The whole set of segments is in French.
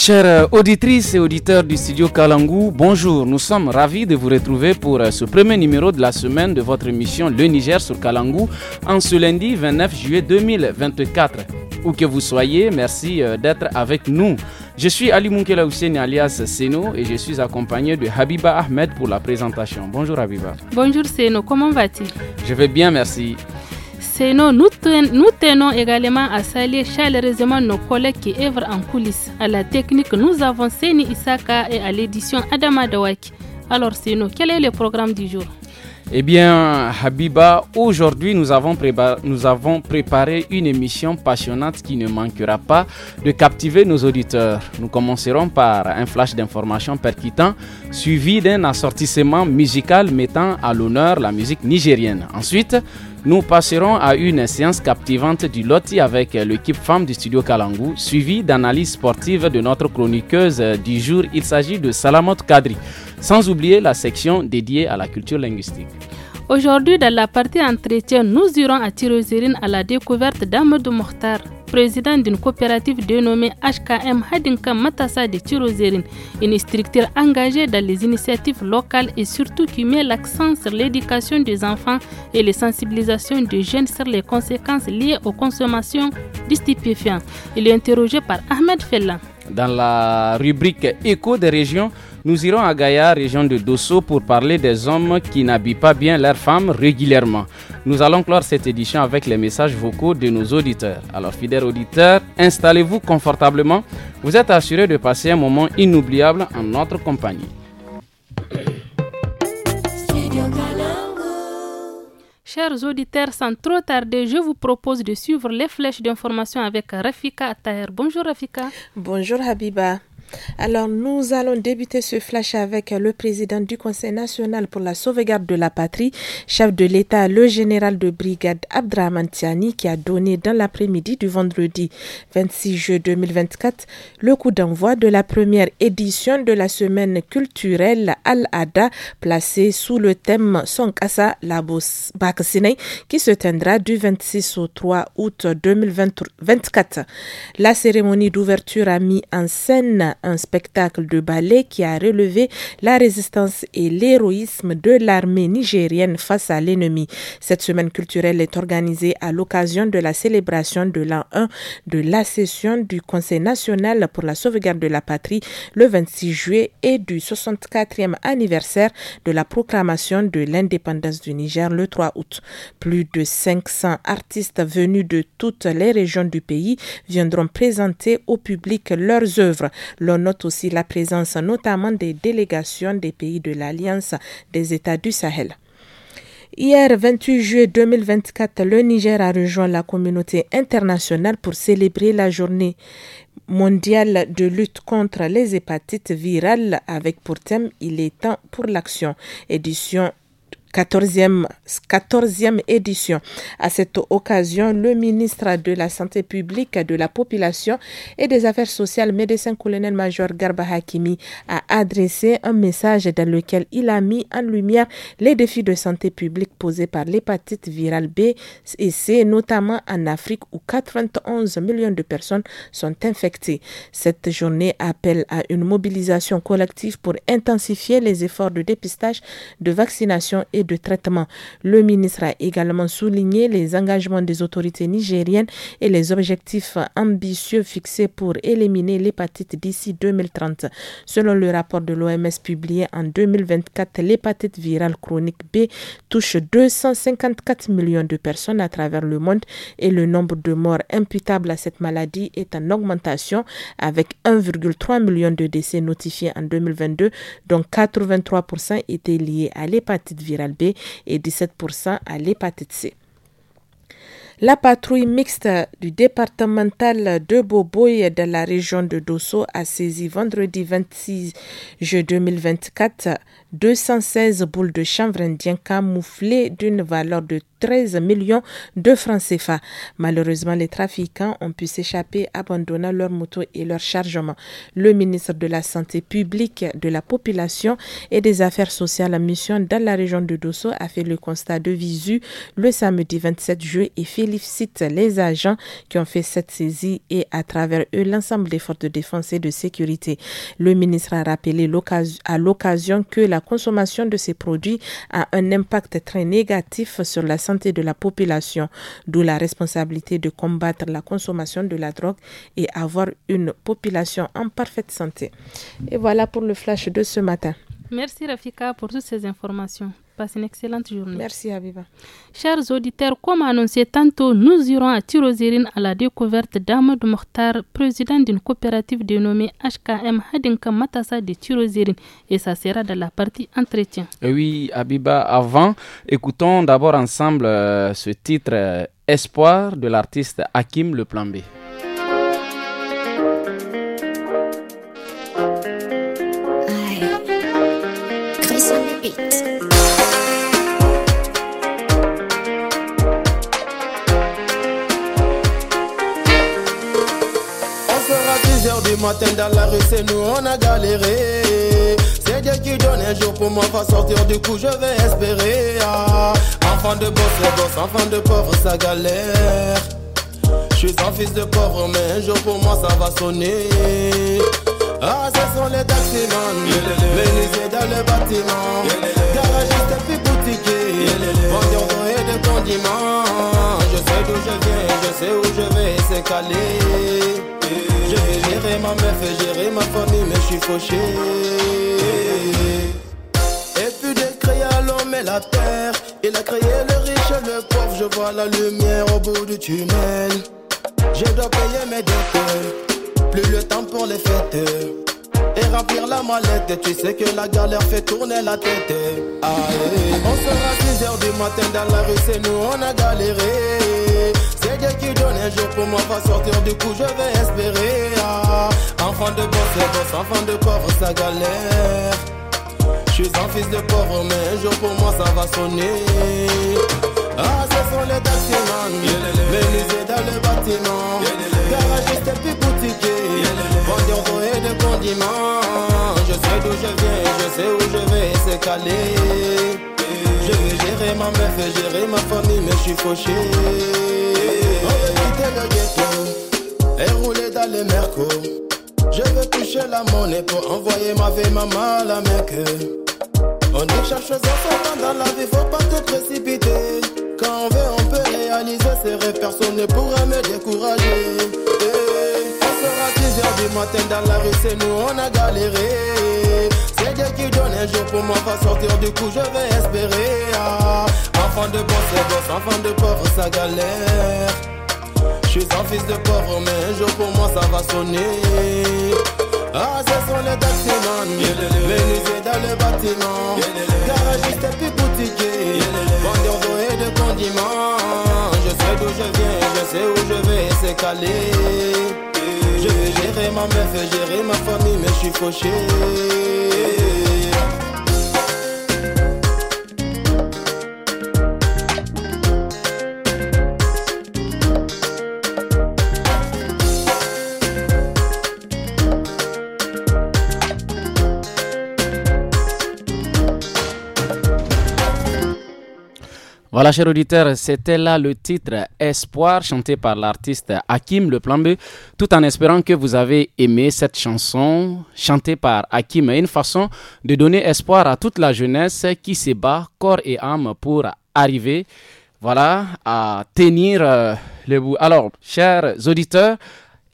Chères euh, auditrices et auditeurs du studio Kalangou, bonjour. Nous sommes ravis de vous retrouver pour euh, ce premier numéro de la semaine de votre émission Le Niger sur Kalangou en ce lundi 29 juillet 2024. Où que vous soyez, merci euh, d'être avec nous. Je suis Ali Moukela Hussein alias Seno et je suis accompagné de Habiba Ahmed pour la présentation. Bonjour Habiba. Bonjour Seno, comment vas-tu Je vais bien, merci nous, tenons également à saluer chaleureusement nos collègues qui œuvrent en coulisses. À la technique, nous avons Seni Isaka et à l'édition Adama Dawak. Alors Seno, quel est le programme du jour eh bien, Habiba, aujourd'hui nous, nous avons, préparé une émission passionnante qui ne manquera pas de captiver nos auditeurs. Nous commencerons par un flash d'informations percutant, suivi d'un assortissement musical mettant à l'honneur la musique nigérienne. Ensuite, nous passerons à une séance captivante du Loti avec l'équipe femme du studio Kalangu, suivie d'analyses sportives de notre chroniqueuse du jour. Il s'agit de Salamot Kadri, sans oublier la section dédiée à la culture linguistique. Aujourd'hui, dans la partie entretien, nous irons à Tirozirine à la découverte de Mokhtar président d'une coopérative dénommée HKM Hadinka Matassa de Tirozerine. une structure engagée dans les initiatives locales et surtout qui met l'accent sur l'éducation des enfants et les sensibilisations des jeunes sur les conséquences liées aux consommations de stupéfiants. Il est interrogé par Ahmed Fella. Dans la rubrique Écho des régions, nous irons à Gaïa, région de Dosso, pour parler des hommes qui n'habillent pas bien leurs femmes régulièrement. Nous allons clore cette édition avec les messages vocaux de nos auditeurs. Alors, fidèles auditeurs, installez-vous confortablement. Vous êtes assurés de passer un moment inoubliable en notre compagnie. Chers auditeurs, sans trop tarder, je vous propose de suivre les flèches d'information avec Rafika Attaher. Bonjour Rafika. Bonjour Habiba. Alors, nous allons débuter ce flash avec le président du Conseil national pour la sauvegarde de la patrie, chef de l'État, le général de brigade Abdrahman Tiani, qui a donné dans l'après-midi du vendredi 26 juin 2024 le coup d'envoi de la première édition de la semaine culturelle Al-Ada, placée sous le thème la Labos qui se tiendra du 26 au 3 août 2024. La cérémonie d'ouverture a mis en scène un spectacle de ballet qui a relevé la résistance et l'héroïsme de l'armée nigérienne face à l'ennemi. Cette semaine culturelle est organisée à l'occasion de la célébration de l'an 1 de la session du Conseil national pour la sauvegarde de la patrie le 26 juillet et du 64e anniversaire de la proclamation de l'indépendance du Niger le 3 août. Plus de 500 artistes venus de toutes les régions du pays viendront présenter au public leurs œuvres l'on note aussi la présence notamment des délégations des pays de l'Alliance des États du Sahel. Hier, 28 juillet 2024, le Niger a rejoint la communauté internationale pour célébrer la journée mondiale de lutte contre les hépatites virales avec pour thème Il est temps pour l'action, édition 14e, édition. À cette occasion, le ministre de la Santé publique, de la Population et des Affaires sociales, médecin colonel-major Garba Hakimi, a adressé un message dans lequel il a mis en lumière les défis de santé publique posés par l'hépatite virale B et C, notamment en Afrique où 91 millions de personnes sont infectées. Cette journée appelle à une mobilisation collective pour intensifier les efforts de dépistage, de vaccination et de traitement. Le ministre a également souligné les engagements des autorités nigériennes et les objectifs ambitieux fixés pour éliminer l'hépatite d'ici 2030. Selon le rapport de l'OMS publié en 2024, l'hépatite virale chronique B touche 254 millions de personnes à travers le monde et le nombre de morts imputables à cette maladie est en augmentation avec 1,3 million de décès notifiés en 2022, dont 83% étaient liés à l'hépatite virale B et 17% à l'hépatite C. La patrouille mixte du départemental de Boboy de la région de Dosso a saisi vendredi 26 juin 2024 216 boules de chanvre indien camouflées d'une valeur de 13 millions de francs CFA. Malheureusement, les trafiquants ont pu s'échapper abandonnant leurs motos et leurs chargements. Le ministre de la Santé publique, de la Population et des Affaires sociales en mission dans la région de Dosso a fait le constat de visu le samedi 27 juillet et félicite les agents qui ont fait cette saisie et à travers eux l'ensemble des forces de défense et de sécurité. Le ministre a rappelé à l'occasion que la la consommation de ces produits a un impact très négatif sur la santé de la population, d'où la responsabilité de combattre la consommation de la drogue et avoir une population en parfaite santé. Et voilà pour le flash de ce matin. Merci Rafika pour toutes ces informations une excellente journée. Merci, Abiba. Chers auditeurs, comme annoncé tantôt, nous irons à Tirozérine à la découverte d'Ahmed Mokhtar, président d'une coopérative dénommée HKM Hadinka Matassa de Tirozérine. Et ça sera dans la partie entretien. Eh oui, Abiba, avant, écoutons d'abord ensemble euh, ce titre euh, Espoir de l'artiste Hakim Le Plan B. matin dans la rue, c'est nous, on a galéré. C'est Dieu qui donne un jour pour moi, va sortir, du coup je vais espérer. Ah, enfant de boss, c'est boss, enfant de pauvre, ça galère. Je suis un fils de pauvre, mais un jour pour moi ça va sonner. Ah, ce sont les taximans, et dans le bâtiment, Garagiste et puis boutique et de condiments. Je sais d'où je viens, je sais où je vais, c'est calé. Je vais gérer ma mère, vais gérer ma famille, mais je suis fauché. Et puis de créer à l'homme et la terre, il a créé le riche et le pauvre. Je vois la lumière au bout du tunnel. Je dois payer mes dettes, plus le temps pour les fêtes. Et remplir la mallette, tu sais que la galère fait tourner la tête. Allez, on sera 10 heures du matin dans la rue, c'est nous, on a galéré reggae qui un jour pour moi va sortir, du coup je vais espérer. Ah. Enfant de boss, c'est boss, enfant de pauvre, ça galère. Je suis un fils de pauvre, mais un jour pour moi ça va sonner. Ah, ce sont les taximans, les dans le bâtiment. Garagiste et puis boutique vendeur d'eau et de condiments. Je sais d'où je viens, je sais où je vais, c'est calé ma mère, fait gérer ma famille, mais je suis fauché. On veut quitter le ghetto et rouler dans les mercos. Je veux toucher la monnaie pour envoyer ma vie, maman, la mec. On est cherche pas dans la vie, faut pas te précipiter. Quand on veut, on peut réaliser ses rêves, personne ne pourra me décourager. Eh, on sera 10 h du matin dans la rue, c'est nous, on a galéré donne un jour pour moi va sortir du coup je vais espérer ah, Enfant de porc, c'est boss, enfant de pauvre ça galère Je suis un fils de pauvre mais un jour pour moi ça va sonner ah, ce sont les taximans, et dans le bâtiment, Garagiste et puis boutiquée vendeur d'eau et de condiments. Je sais d'où je viens, je sais où je vais, c'est calé. Je vais gérer ma meuf, gérer ma famille, mais je suis fauché. Voilà, chers auditeurs, c'était là le titre Espoir chanté par l'artiste Hakim Le Plan B, tout en espérant que vous avez aimé cette chanson chantée par Hakim, une façon de donner espoir à toute la jeunesse qui se bat corps et âme pour arriver, voilà, à tenir euh, le bout. Alors, chers auditeurs,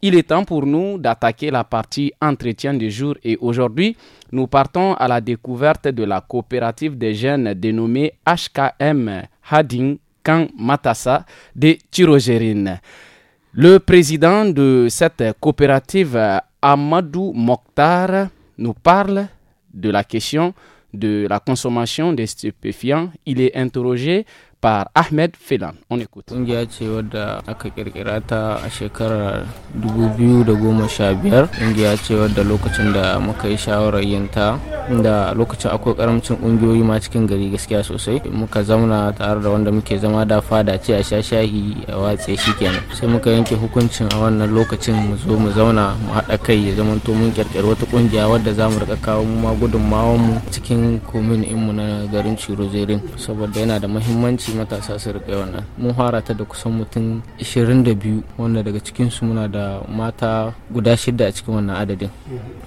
il est temps pour nous d'attaquer la partie entretien du jour et aujourd'hui, nous partons à la découverte de la coopérative des jeunes dénommée HKM Hading Kang Matassa de Tirogerine. Le président de cette coopérative, Amadou Mokhtar, nous parle de la question de la consommation des stupéfiants. Il est interrogé par Ahmed Filan. On écoute. Ƙungiya ce wadda aka kirkira ta a shekarar 2015. Ƙungiya ce wadda lokacin da muka yi shawarar yin ta da lokacin akwai karamcin ƙungiyoyi ma cikin gari gaskiya sosai. Muka zauna tare da wanda muke zama da fada ce a sha shahi a watse shi kenan. Sai muka yanke hukuncin a wannan lokacin mu zo mu zauna mu haɗa kai ya zama to mun kirkiri wata ƙungiya wadda za mu riƙa kawo mu ma gudunmawar mu cikin komin mu na garin Cirozerin saboda yana da muhimmanci lokaci matasa su wannan mun fara ta da kusan mutum 22 wanda daga cikinsu muna da mata guda shida a cikin wannan adadin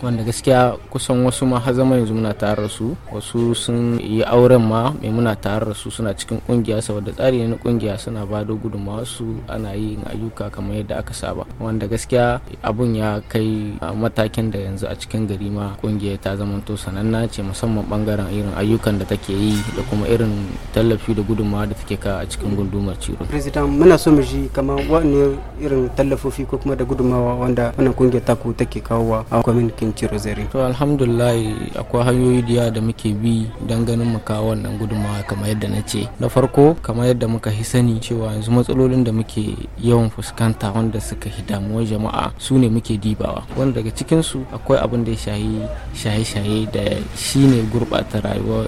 wanda gaskiya kusan wasu ma har zama yanzu muna tare su wasu sun yi auren ma mai muna tare su suna cikin kungiya saboda tsari na kungiya suna ba da gudunmawa su ana yi ayyuka kamar yadda aka saba wanda gaskiya abun ya kai matakin da yanzu a cikin gari ma kungiya ta zamanto sananna ce musamman bangaren irin ayyukan da take yi da kuma irin tallafi da gudunmawa da take ka a cikin gundumar ciro president muna so mu ji kamar wani irin tallafofi ko kuma da gudunmawa wanda wannan kungiyar taku take kawowa a kwamitin ciro zare to alhamdulillah akwai hanyoyi da da muke bi dan ganin mu kawo wannan gudunmawa kamar yadda na ce na farko kamar yadda muka hi sani cewa yanzu matsalolin da muke yawan fuskanta wanda suka hi damuwar jama'a su ne muke dibawa wanda daga cikin su akwai abin da ya shayi shaye-shaye da shi ne gurɓata rayuwar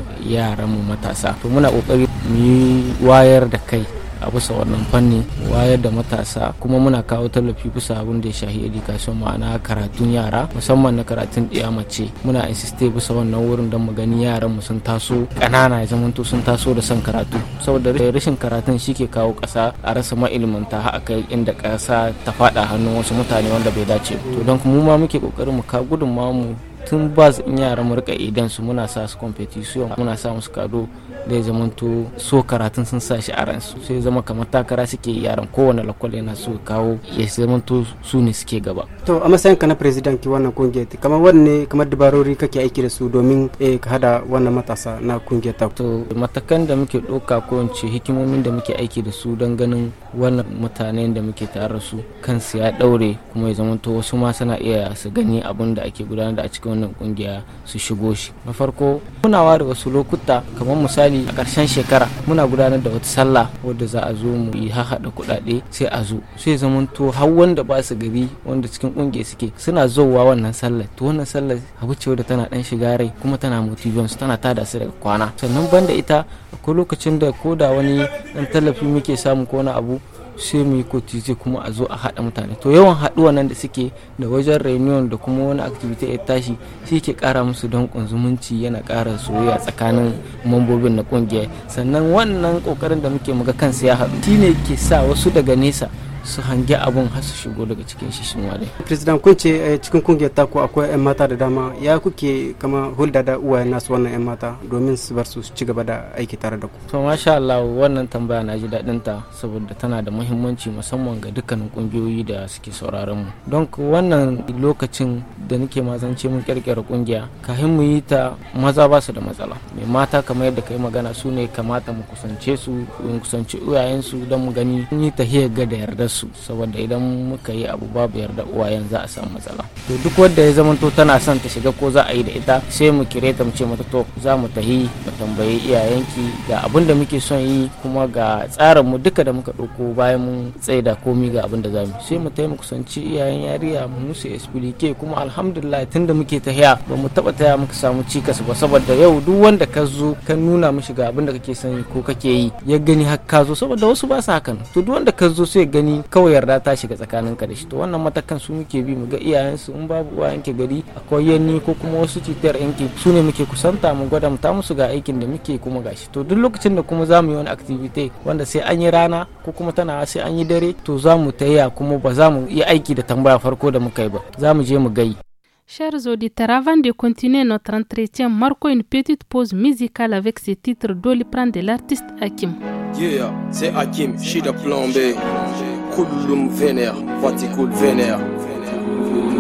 mu matasa to muna kokari mu yi wayar da kai a bisa wannan fanni wayar da matasa kuma muna kawo tallafi bisa abin da ya shahi education ma'ana karatun yara musamman na karatun ɗiya mace muna insiste bisa wannan wurin don mu gani yaran mu sun taso ƙanana ya zamanto sun taso da son karatu saboda rashin karatun shi ke kawo ƙasa a rasa ma'ilmanta a kai inda ƙasa ta faɗa hannun wasu mutane wanda bai dace to don kuma ma muke ƙoƙarin mu ka gudunmawa mu tun ba in yara mu riƙa idan su muna sa su competition muna sa musu kado da ya to so karatun sun sa shi a ransu sai zama kamar takara suke yaran kowane lakwale na so kawo ya zama to su ne suke gaba to a matsayin ka na president ki wannan kungiyar kamar wanne kamar dabarori kake aiki da su domin eh, ka hada wannan matasa na kungiyar ta to matakan da muke ɗauka ko in ce hikimomin da muke aiki da su don ganin wannan mutanen da muke tare kan su kansu ya daure kuma ya zama to wasu ma suna iya su gani abin da ake gudanar da a cikin wannan kungiya su shigo shi na farko kunawa da wasu lokuta kamar misali misali a ƙarshen shekara muna gudanar da wata sallah wadda za a zo mu yi hahaɗa kuɗaɗe sai a zo sai to har wanda ba su gari wanda cikin ƙungiyar suke suna zowa wannan sallar to wannan sallar abu ce wadda tana ɗan shiga rai kuma tana motiviyon su tana tada su daga kwana sannan banda ita akwai lokacin da ko da wani ɗan tallafi muke samu ko wani abu sai mu yi kotize kuma a zo a haɗa mutane to yawan haɗuwa nan da suke da wajen reunion da kuma wani activity ya tashi shi ke ƙara musu don zumunci yana ƙara soyayya tsakanin mambobin na ƙungiyar sannan wannan ƙoƙarin da muke muga kansu ya haɗu shi ne ke sa wasu daga nesa su hangi abun har su shigo daga cikin shi shin wale. President kun ce eh, cikin kungiyar taku akwai 'yan mata da dama ya kuke kama hulda da uwaye nasu wannan 'yan mata domin su bar su ci gaba da aiki tare da ku. To masha Allah wannan tambaya na ji daɗin ta saboda tana da muhimmanci musamman ga dukkanin kungiyoyi da suke sauraron mu. Don wannan lokacin da nake mazance mun kirkira kungiya kafin mu yi ta maza ba su da matsala. Mai mata kamar yadda yi magana su ne kamata mu kusance su mu kusance uwayensu don mu gani mun yi tahiyar ga da yarda su saboda idan muka yi abu babu yarda uwayen za a samu matsala to duk wanda ya zamanto tana son ta shiga ko za a yi da ita sai mu kire ta mu ce mata to za mu tahi mu tambayi iyayenki ga abin da muke son yi kuma ga tsarin mu duka da muka ɗauko bayan mun tsaida komi ga abin da za mu sai mu taimaka kusanci iyayen yariya mu musu explique kuma alhamdulillah tunda muke tahiya ba mu taba taya muka samu cikas ba saboda yau duk wanda ka zo ka nuna mishi ga abin da kake son ko kake yi ya gani har ka zo saboda wasu ba su hakan to duk wanda ka zo sai gani kawai yarda ta shiga tsakanin ka da shi to wannan matakan su muke bi mu ga iyayensu in babu uwa yanke gari akwai yanni ko kuma wasu cutar yanke su ne muke kusanta mu gwada mu ta musu ga aikin da muke kuma gashi to duk lokacin da kuma zamu yi wani activity wanda sai an yi rana ko kuma tana sai an yi dare to zamu tayya kuma ba za mu yi aiki da tambaya farko da muka yi ba za mu je mu gai Chers auditeurs, avant de continuer notre entretien, marquons une petite pause musicale avec ce titre d'Oliprand de l'artiste Hakim. Yeah, c'est Hakim, je suis plan B. Kouloum vener, vwati koul vener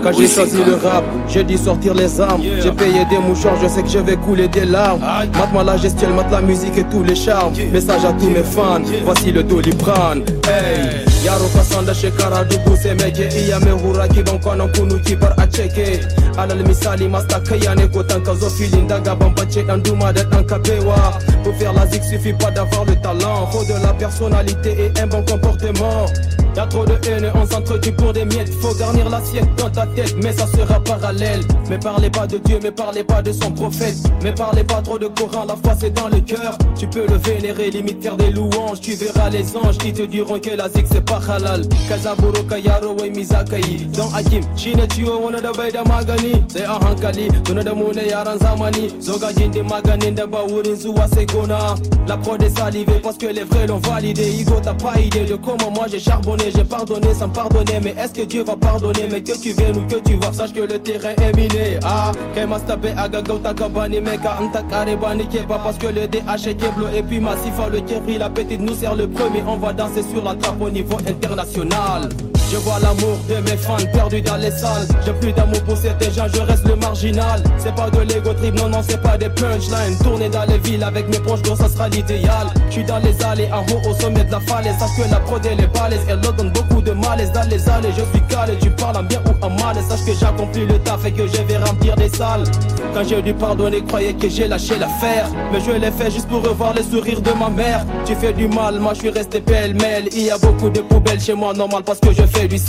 Quand j'ai choisi le rap, j'ai dit sortir les armes. J'ai payé des mouchoirs, je sais que je vais couler des larmes. Maintenant moi la gestuelle, mate la musique et tous les charmes. Message à tous mes fans, voici le Doliprane. Hey. yaro ka chez shekara dubu se meke iya mai hura kiban kwanan kunu kibar a ceke alal misali masta kaiya ne ko tanka zo filin daga dan duma dan pour faire la zik suffit pas d'avoir le talent faut de la personnalité et un bon comportement Y'a trop de haine on s'entretue pour des miettes faut garnir l'assiette ta tête, mais ça sera parallèle. Mais parlez pas de Dieu, mais parlez pas de son prophète. Mais parlez pas trop de Coran, la foi c'est dans le cœur. Tu peux le vénérer, limite faire des louanges. Tu verras les anges qui te diront que la zik c'est pas halal. Kazaburo Kayaro et Mizakai. Dans Hakim, Chine on a de Magani. C'est un hankali de Magani, La prod est salivée parce que les vrais l'ont validé. Igo, t'as pas idée de comment moi j'ai charbonné, j'ai pardonné sans pardonner. Mais est-ce que Dieu va pardonner? Mais que tu que tu vois, sache que le terrain est miné. Ah, Kemasta Stabé, Agago, Takabani, Meka, et Keba, parce que le DH est Keblo, et puis Massifa, oh, le Kebri, la petite nous sert le premier. On va danser sur la trappe au niveau international. Je vois l'amour de mes fans perdus dans les salles J'ai plus d'amour pour ces gens, je reste le marginal C'est pas de l'ego trip, non non c'est pas des punchlines Tourner dans les villes avec mes proches, donc ça sera l'idéal Je suis dans les allées, en haut au sommet de la falaise Sache que la prod elle est balèze, elle donne beaucoup de malaise Dans les allées, je suis calé, tu parles en bien ou en mal sache que j'accomplis le taf et que je vais remplir des salles Quand j'ai dû pardonner, croyais que j'ai lâché l'affaire Mais je l'ai fait juste pour revoir les sourires de ma mère Tu fais du mal, moi je suis resté pêle-mêle Il y a beaucoup de poubelles chez moi, normal parce que je fais du aiki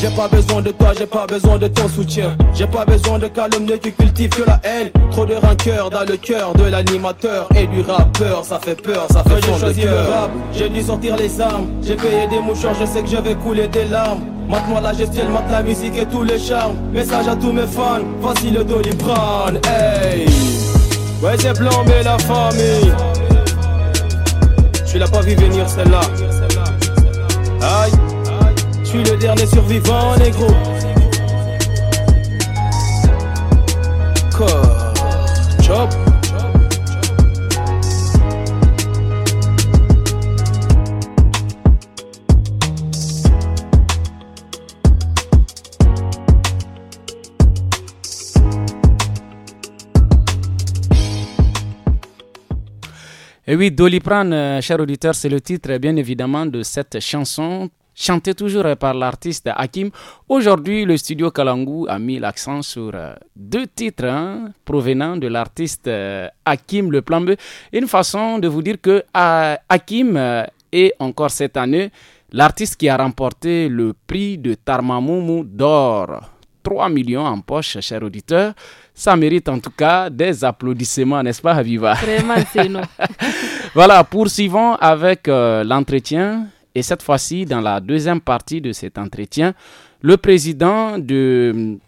j'ai pas besoin de toi j'ai pas besoin de ton soutien j'ai pas besoin de calomnie qui cultives que la haine trop de rancœur dans le cœur de l'animateur et du rappeur ça fait peur ça fait j'ai choisi le rap j'ai dû sortir les armes j'ai payé des mouchoirs je sais que je vais couler des larmes Montre-moi la gestion, maintenant la musique et tous les charmes. Message à tous mes fans, voici le Doliprane. Hey, ouais c'est blanc la famille. Tu l'as pas vu venir celle-là. Aïe, je suis le dernier survivant négro. Chop. oui, Doliprane, euh, cher auditeur, c'est le titre, bien évidemment, de cette chanson chantée toujours par l'artiste Hakim. Aujourd'hui, le studio Kalangu a mis l'accent sur euh, deux titres hein, provenant de l'artiste euh, Hakim Le Plan B. Une façon de vous dire que Hakim est encore cette année l'artiste qui a remporté le prix de Tarmamoumou d'or 3 millions en poche, cher auditeur. Ça mérite en tout cas des applaudissements, n'est-ce pas, Aviva Vraiment, c'est nous. voilà, poursuivons avec euh, l'entretien. Et cette fois-ci, dans la deuxième partie de cet entretien, le président de,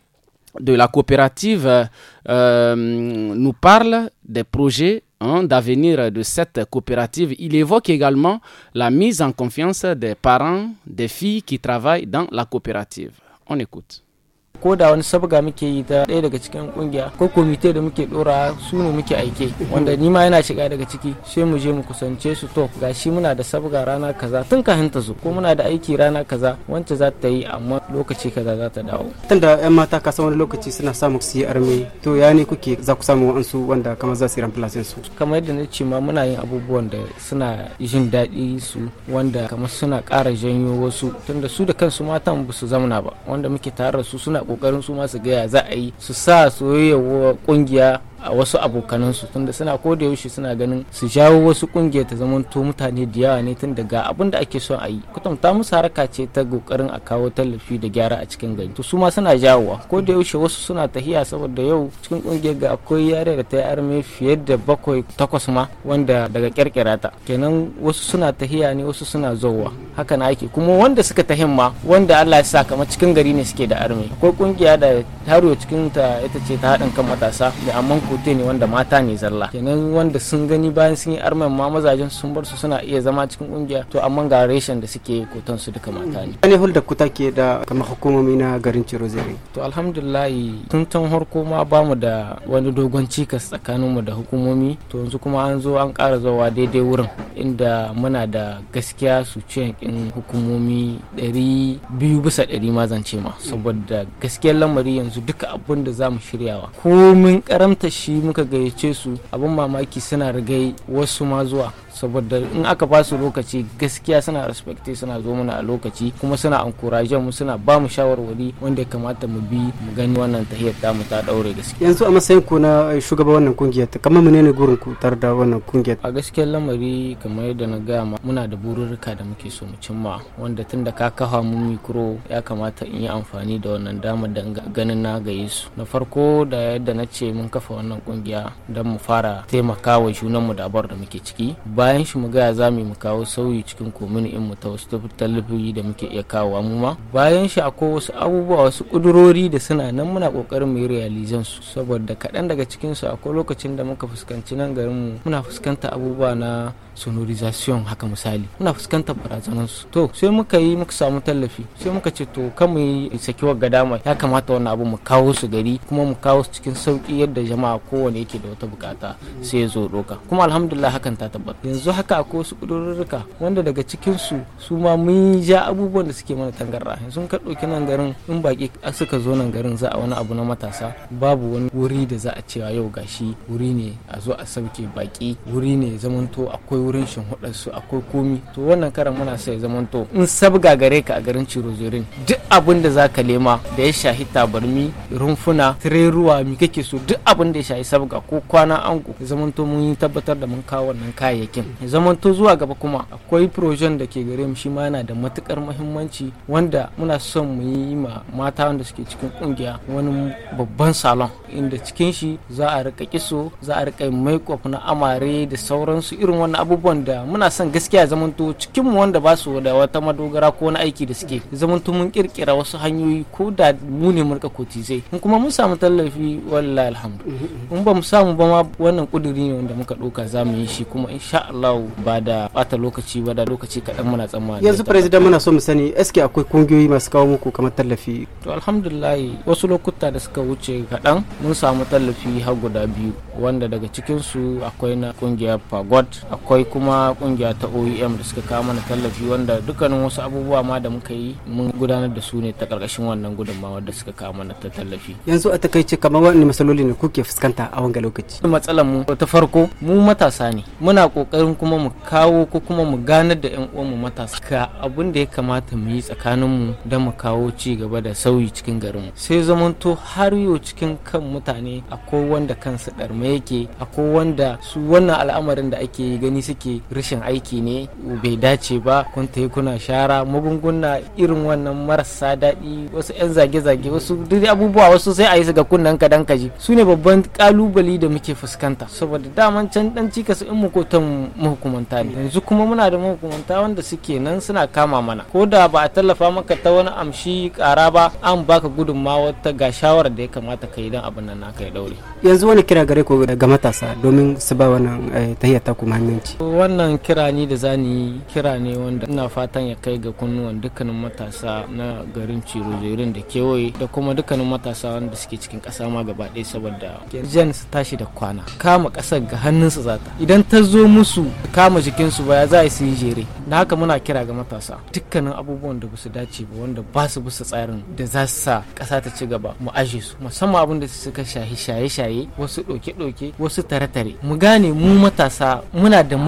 de la coopérative euh, nous parle des projets hein, d'avenir de cette coopérative. Il évoque également la mise en confiance des parents des filles qui travaillent dans la coopérative. On écoute. ko da wani sabga muke yi ta ɗaya daga cikin kungiya ko komite da muke dora su ne muke aike wanda ni ma yana shiga daga ciki sai mu je mu kusance su to gashi muna da sabga rana kaza tun kafin ta zo ko muna da aiki rana kaza wance za ta yi amma lokaci kaza za ta dawo tunda yan mata ka san wani lokaci suna samu su yi arme to ya ne kuke za ku samu wa'ansu wanda kamar za su yi ramfilasin su kamar yadda na ce ma muna yin abubuwan da suna jin daɗi su wanda kamar suna ƙara janyo wasu tunda su da kansu matan ba su zamana ba wanda muke tare da su suna kokarin su masu su gaya za a yi su sa soyayyar kungiya a wasu abokanansu tunda suna ko da yaushe suna ganin su jawo wasu kungiya ta zaman to mutane da yawa ne tun daga abin da ake son a yi kutumta musu haraka ce ta kokarin a kawo tallafi da gyara a cikin gari to su ma suna jawowa ko da yaushe wasu suna tahiya saboda yau cikin kungiyar ga akwai yare da ta yi arme fiye da bakwai takwas ma wanda daga kirkira ta kenan wasu suna tahiya ne wasu suna zowa haka na ake kuma wanda suka ta himma wanda Allah ya sa kamar cikin gari ne suke da arme akwai kungiya da haro cikin ta ita ce ta haɗin kan matasa da amman kote ne wanda mata ne zalla kenan wanda sun gani bayan sun yi armen ma mazajen sun bar su suna iya zama cikin kungiya to amma ga reshen da suke kotan su duka mata ne ne hulda ku take da kamar hukumomi na garin Cirozere to alhamdulillah tun tun harko ma bamu da wani dogon cikas mu da hukumomi to yanzu kuma an zo an ƙara zawa daidai wurin inda muna da gaskiya su ce hukumomi ɗari biyu bisa ɗari ma zance ma saboda gaskiyar lamari yanzu duka abin da za mu shiryawa komin karamta shi muka gayyace su abin mamaki suna rigai wasu ma zuwa saboda in aka ba su lokaci gaskiya suna respecte suna zo mana a lokaci kuma suna encourage mu suna ba mu shawarwari wanda ya kamata mu bi mu gani wannan tahiyar mu ta daure gaskiya yanzu a matsayin ku na eh, shugaban wannan kungiyar ta kamar mu ne gurin ku tar da wannan kungiyar a gaskiyar lamari kamar yadda na gaya ma muna da bururruka da muke so mu cimma wanda tun da ka kafa mu mikro ya kamata in yi amfani da wannan damar da ganin na gaye su na farko da yadda na ce mun kafa wannan kungiya don mu fara taimakawa junanmu da abar da muke ciki bayan shi mu gaya za mu kawo sauyi cikin komini in mu ta wasu tallafi da muke iya kawowa mu ma bayan shi akwai wasu abubuwa wasu kudurori da suna nan muna kokarin mu yi realizan su saboda kaɗan daga cikin su akwai lokacin da muka fuskanci nan garin mu muna fuskanta abubuwa na sonorization haka misali muna fuskantar barazanar su to sai muka yi muka samu tallafi sai muka ce to kan mu yi sakiwar gadama ya kamata wani abu mu kawo su gari kuma mu kawo su cikin sauki yadda jama'a kowane yake da wata bukata sai ya zo doka kuma alhamdulillah hakan ta tabbata yanzu haka akwai wasu kudurruka wanda daga cikin su su ma mun ja abubuwan da suke mana tangarra yanzu ka ɗauki nan garin in baki suka zo nan garin za a wani abu na matasa babu wani wuri da za a cewa yau gashi wuri ne a zo a sauke baki wuri ne zamanto akwai wurin shimfiɗar su akwai komi to wannan karan muna sa ya zamanto in sabga gare ka a garin cirozirin duk abin da zaka lema da ya shahi tabarmi rumfuna tireruwa mi kake so duk abin da ya shahi sabga ko kwana ango zaman zamanto mun yi tabbatar da mun kawo wannan kayayyakin zaman zamanto zuwa gaba kuma akwai projen da ke gare mu shi ma yana da matukar muhimmanci wanda muna son mu yi ma mata wanda suke cikin kungiya wani babban salon inda cikin shi za a rika kiso za a rika maikof na amare da sauransu irin wannan abubuwa abubuwan da muna son gaskiya zamanto cikin mu wanda ba su da wata madogara ko na aiki da suke zamanto mun kirkira wasu hanyoyi ko da mu ne mun kotizai in kuma mun samu tallafi wallahi alhamdu in ba mu samu ba ma wannan kuduri ne wanda muka doka za mu yi shi kuma insha Allah ba da bata lokaci ba da lokaci kadan muna tsammani yanzu president muna so mu sani eske akwai kungiyoyi masu kawo muku kamar tallafi to alhamdulillah wasu lokuta da suka wuce kaɗan mun samu tallafi har guda biyu wanda daga cikin su akwai na kungiyar pagod akwai kuma kungiya ta oem da suka kawo mana tallafi wanda dukkanin wasu abubuwa ma da muka yi mun gudanar da su ne ta karkashin wannan gudunmawar da suka kawo mana ta tallafi yanzu a takaice kamar wani matsaloli ne kuke fuskanta a wanga lokaci matsalar mu ta farko mu matasa ne muna kokarin kuma mu kawo ko kuma mu ganar da yan uwanmu matasa ka abin da ya kamata mu yi tsakanin mu da mu kawo ci gaba da sauyi cikin garin mu sai zamanto har yau cikin kan mutane akwai wanda kansa darma yake akwai wanda su wannan al'amarin da ake gani suke rashin aiki ne bai dace ba kun ta yi kuna shara magunguna irin wannan marasa daɗi wasu 'yan zage-zage wasu duk abubuwa wasu sai a yi su ga kunnen ka dan kaji su ne babban kalubali da muke fuskanta saboda daman can dan cika su in ta mahukumanta ne yanzu kuma muna da mahukumanta wanda suke nan suna kama mana ko da ba a tallafa maka ta wani amshi kara ba an baka gudunmawa ta ga shawarar da ya kamata ka yi don abin nan naka ya daure yanzu wani kira gare ku ga matasa domin su ba wannan eh, tahiyar ta kuma hanyanci wannan kira ni da zani kira ne wanda ina fatan ya kai ga kunnuwan dukkanin matasa na garin ciro jerin da kewaye da kuma dukkanin matasa wanda suke cikin kasa ma gaba ɗaya saboda jan su tashi da kwana kama ƙasar ga hannun su zata idan ta zo musu kama su baya za su yi jere na haka muna kira ga matasa dukkanin abubuwan da basu dace ba wanda ba su bisa tsarin da za su sa ƙasa ta ci gaba mu aje su musamman abin da suka ka shaye-shaye wasu ɗoke doke. wasu tare-tare mu gane mu matasa muna da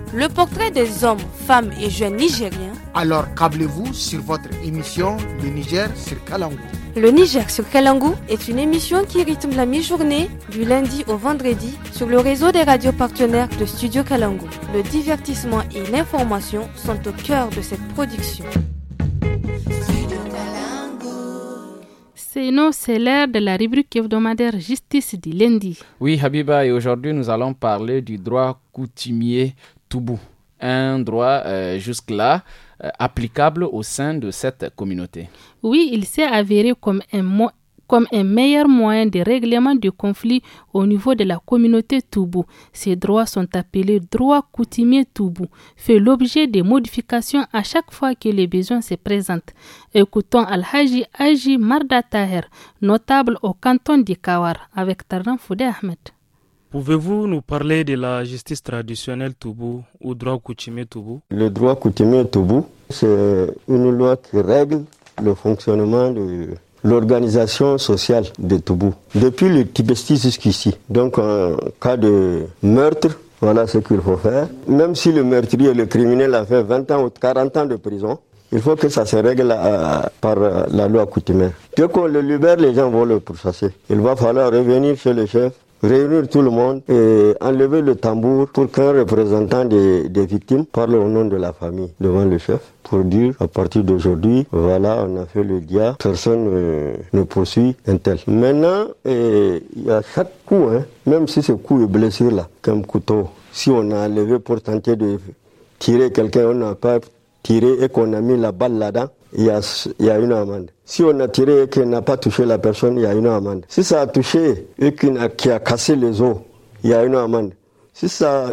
le portrait des hommes, femmes et jeunes nigériens. Alors câblez-vous sur votre émission Le Niger sur Kalangou. Le Niger sur Kalangou est une émission qui rythme la mi-journée du lundi au vendredi sur le réseau des radios partenaires de Studio Kalangou. Le divertissement et l'information sont au cœur de cette production. Sinon, c'est l'heure de la rubrique hebdomadaire Justice du lundi. Oui, Habiba, et aujourd'hui nous allons parler du droit coutumier Toubou, un droit euh, jusque-là euh, applicable au sein de cette communauté. Oui, il s'est avéré comme un, meilleur moyen de règlement du conflit au niveau de la communauté Toubou. Ces droits sont appelés droits coutumiers Toubou, fait l'objet de modifications à chaque fois que les besoins se présentent. Écoutons Al-Haji Haji Marda notable au canton de Kawar, avec Taran Foudé Ahmed. Pouvez-vous nous parler de la justice traditionnelle Toubou ou droit coutumier Toubou Le droit coutumier Toubou, c'est une loi qui règle le fonctionnement de l'organisation sociale de Toubou. Depuis le Tibesti jusqu'ici. Donc en cas de meurtre, voilà ce qu'il faut faire. Même si le meurtrier, le criminel a fait 20 ans ou 40 ans de prison, il faut que ça se règle euh, par euh, la loi coutumière. Dès qu'on le libère, les gens vont le pourchasser. Il va falloir revenir chez le chef réunir tout le monde et enlever le tambour pour qu'un représentant des, des, victimes parle au nom de la famille devant le chef pour dire à partir d'aujourd'hui, voilà, on a fait le gars personne euh, ne poursuit un tel. Maintenant, il y a chaque coup, hein, même si ce coup est blessure là, comme couteau, si on a enlevé pour tenter de tirer quelqu'un, on n'a pas tiré et qu'on a mis la balle là-dedans, il y, a, une amende. Si on a tiré et qu'il n'a pas touché la personne, il y a une amende. Si ça a touché et qu'il a, qui cassé les os, il y a une amende. Si ça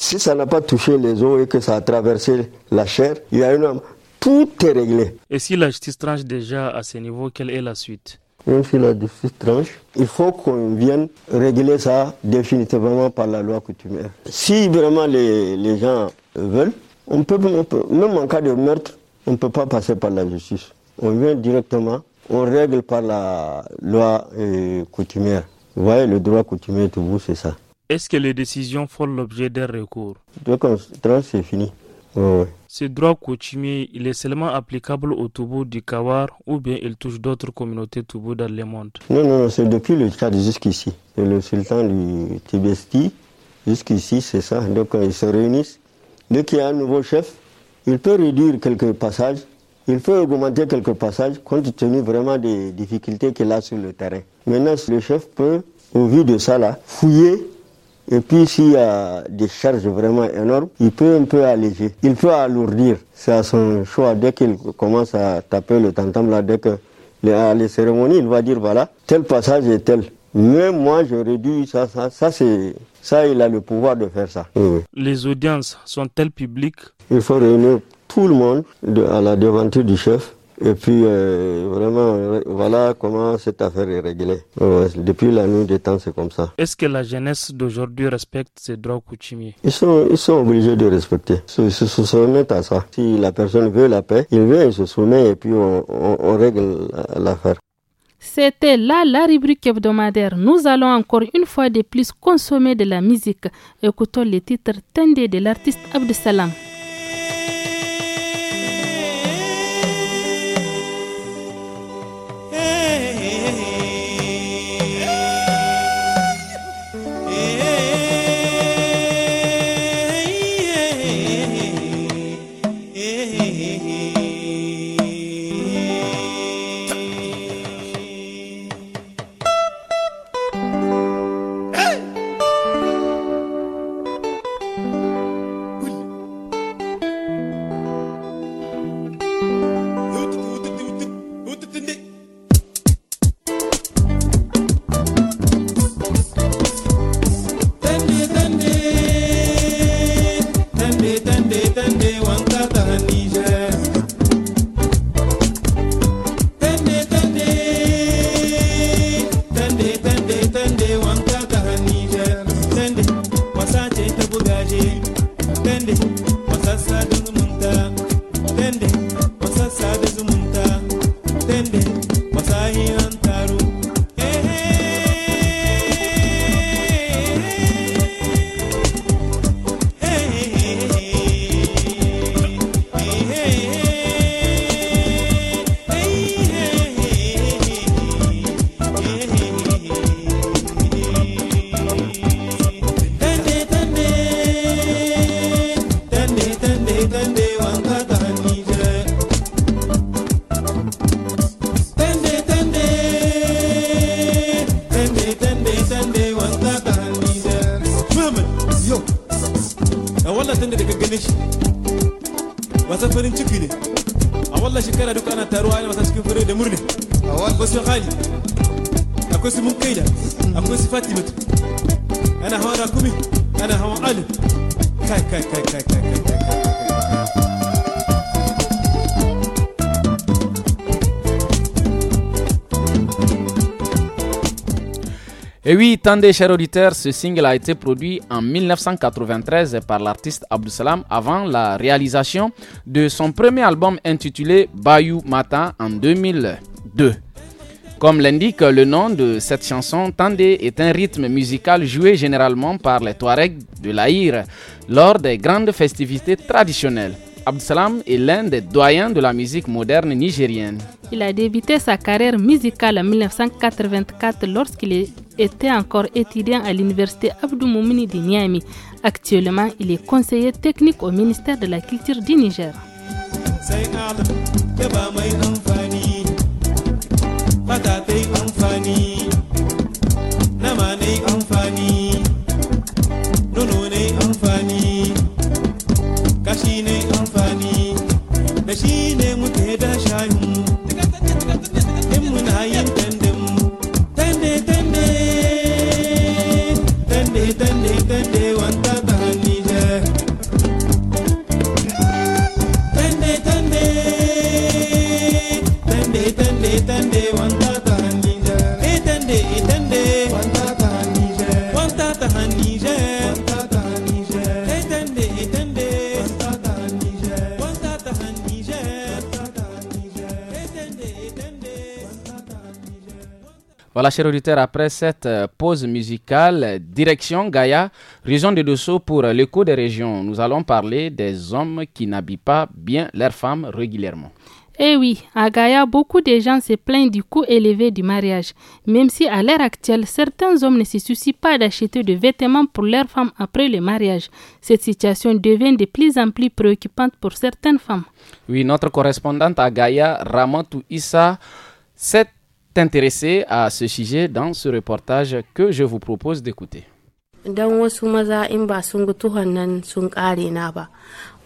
si ça n'a pas touché les os et que ça a traversé la chair, il y a une amende. Tout est réglé. Et si la justice tranche déjà à ce niveau, quelle est la suite si la justice tranche, il faut qu'on vienne régler ça définitivement par la loi coutumière. Si vraiment les, gens veulent, on peut même en cas de meurtre, on ne peut pas passer par la justice. On vient directement, on règle par la loi euh, coutumière. Vous voyez, le droit coutumier vous, c'est ça. Est-ce que les décisions font l'objet d'un recours de c'est fini. oui. Ce droit coutumier, il est seulement applicable au Toubou du Kawar ou bien il touche d'autres communautés Toubou dans le monde Non, non, non c'est depuis le Tchad jusqu'ici. le sultan du Tibesti. Jusqu'ici, c'est ça. Donc, euh, ils se réunissent. Dès qu'il y a un nouveau chef, il peut réduire quelques passages, il peut augmenter quelques passages compte tenu vraiment des difficultés qu'il a sur le terrain. Maintenant, le chef peut, au vu de ça, là, fouiller. Et puis s'il y a des charges vraiment énormes, il peut un peu alléger, il peut alourdir. C'est à son choix. Dès qu'il commence à taper le tantam, là, dès que les, les cérémonies, il va dire voilà, tel passage est tel. Mais moi, je réduis ça, ça, ça c'est ça, il a le pouvoir de faire ça. Les audiences sont-elles publiques Il faut réunir tout le monde à la devanture du chef. Et puis, euh, vraiment, euh, voilà comment cette affaire est réglée. depuis la nuit des temps, c'est comme ça. Est-ce que la jeunesse d'aujourd'hui respecte ces droits coutumiers ils sont, ils sont obligés de respecter. Ils se, soumettent à ça. Si la personne veut la paix, il vient il se soumet et puis on règle l'affaire. C'était là la rubrique hebdomadaire. Nous allons encore une fois de plus consommer de la musique. Écoutons les titres tendés de l'artiste Abdesalam. oui, Tande, chers auditeurs, ce single a été produit en 1993 par l'artiste Salam avant la réalisation de son premier album intitulé Bayou Mata en 2002. Comme l'indique le nom de cette chanson, Tandé est un rythme musical joué généralement par les Touaregs de l'Aïr lors des grandes festivités traditionnelles. Absalam est l'un des doyens de la musique moderne nigérienne. Il a débuté sa carrière musicale en 1984 lorsqu'il était encore étudiant à l'université Abdou Moumini de Niamey. Actuellement, il est conseiller technique au ministère de la Culture du Niger. cine Voilà, chers auditeurs, après cette euh, pause musicale, direction Gaïa, région de Dosso pour l'écho des régions. Nous allons parler des hommes qui n'habillent pas bien leurs femmes régulièrement. Eh oui, à Gaïa, beaucoup de gens se plaignent du coût élevé du mariage, même si à l'heure actuelle, certains hommes ne se soucient pas d'acheter de vêtements pour leurs femmes après le mariage. Cette situation devient de plus en plus préoccupante pour certaines femmes. Oui, notre correspondante à Gaïa, Ramatou Issa, cette Intéressé à ce sujet dans ce reportage que je vous propose d'écouter.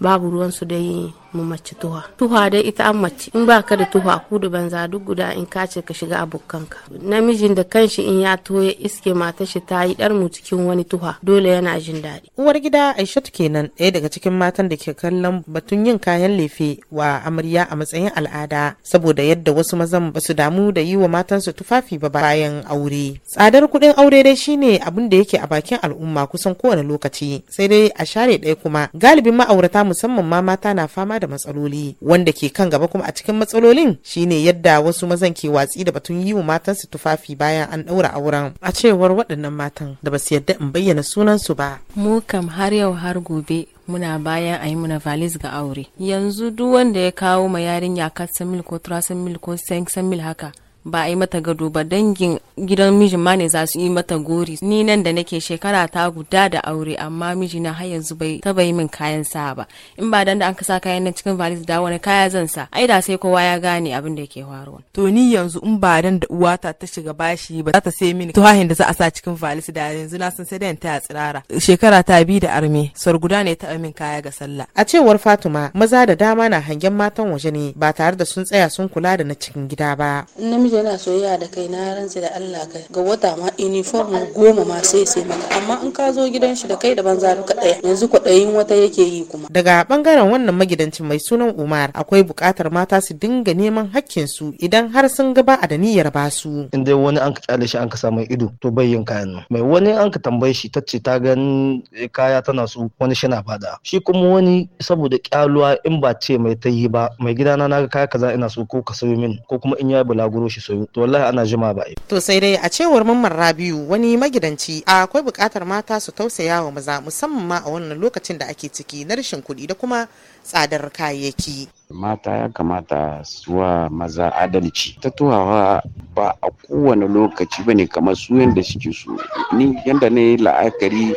babu ruwan su yi mu mace tuha tuha dai ita an mace in ba ka da tuha ku da banza duk guda in kace ka shiga abokanka namijin da kanshi in ya to ya iske matar shi ta yi dar mu cikin wani tuha dole yana jin daɗi uwar gida aishatu kenan ɗaya daga cikin matan da ke kallon batun yin kayan lefe wa amarya a matsayin al'ada saboda yadda wasu mazan ba su damu da yi wa matansu tufafi ba bayan aure tsadar kuɗin aure dai shine abin da yake a bakin al'umma kusan kowane lokaci sai dai a share ɗaya kuma galibin ma'aurata musamman ma mata na fama da matsaloli wanda ke kan gaba kuma a cikin matsalolin shine yadda wasu mazan ke watsi da batun yi wa matansu tufafi bayan an ɗaura auren a cewar waɗannan matan da ba su yarda in bayyana sunansu ba. Mu kam har yau har gobe muna bayan a yi muna valis ga aure yanzu duk wanda ya kawo ma yarinya katsan mil ko turasan mil ko sansan mil haka ba a yi mata gado ba dangin gidan miji ma ne za su yi mata gori ni nan da nake shekara ta guda da aure amma mijina har yanzu bai taba yi min kayan sa ba in ba dan da an kasa kayan nan cikin valise da wani kaya zan sa ai da sai kowa ya gane abin da yake faruwa to ni yanzu in ba dan da uwata ta shiga bashi ba za ta sai mini tuhahin da za a sa cikin valise da yanzu na san sai da ta tsirara shekara ta bi da arme sarguda ne ta amin kaya ga sallah a cewar fatima maza da dama na hangen matan waje ne ba tare da sun tsaya sun kula da na cikin gida ba namiji yana soyayya da kai na rantsi da Allah kai ga wata ma uniform goma ma sai sai maka amma in ka zo gidan shi da kai da banza duka daya yanzu kwaɗayin wata yake yi kuma daga bangaren wannan magidancin mai sunan Umar akwai bukatar mata su dinga neman hakkin su idan har sun ga ba a da niyyar ba su in wani an ka kyale shi an ka samu ido to bai yin kayan nan mai wani an ka tambaye shi tace ta gan eh, kaya tana su wani shi na fada shi kuma wani saboda kyaluwa in ba ce mai ta yi ba mai gidana na ga kaya kaza ina so ko ka sayo min ko kuma in ya bulaguro shi so to wallahi ana jima ba to sai dai a cewar mamman rabiu wani magidanci akwai buƙatar mata su tausaya wa maza musamman ma a wannan lokacin da ake ciki na rashin kuɗi da kuma tsadar kayayyaki mata ya kamata suwa maza adalci ta tuwawa ba a kowane lokaci ba ne kamar su yanda suke so ni yadda ne la'akari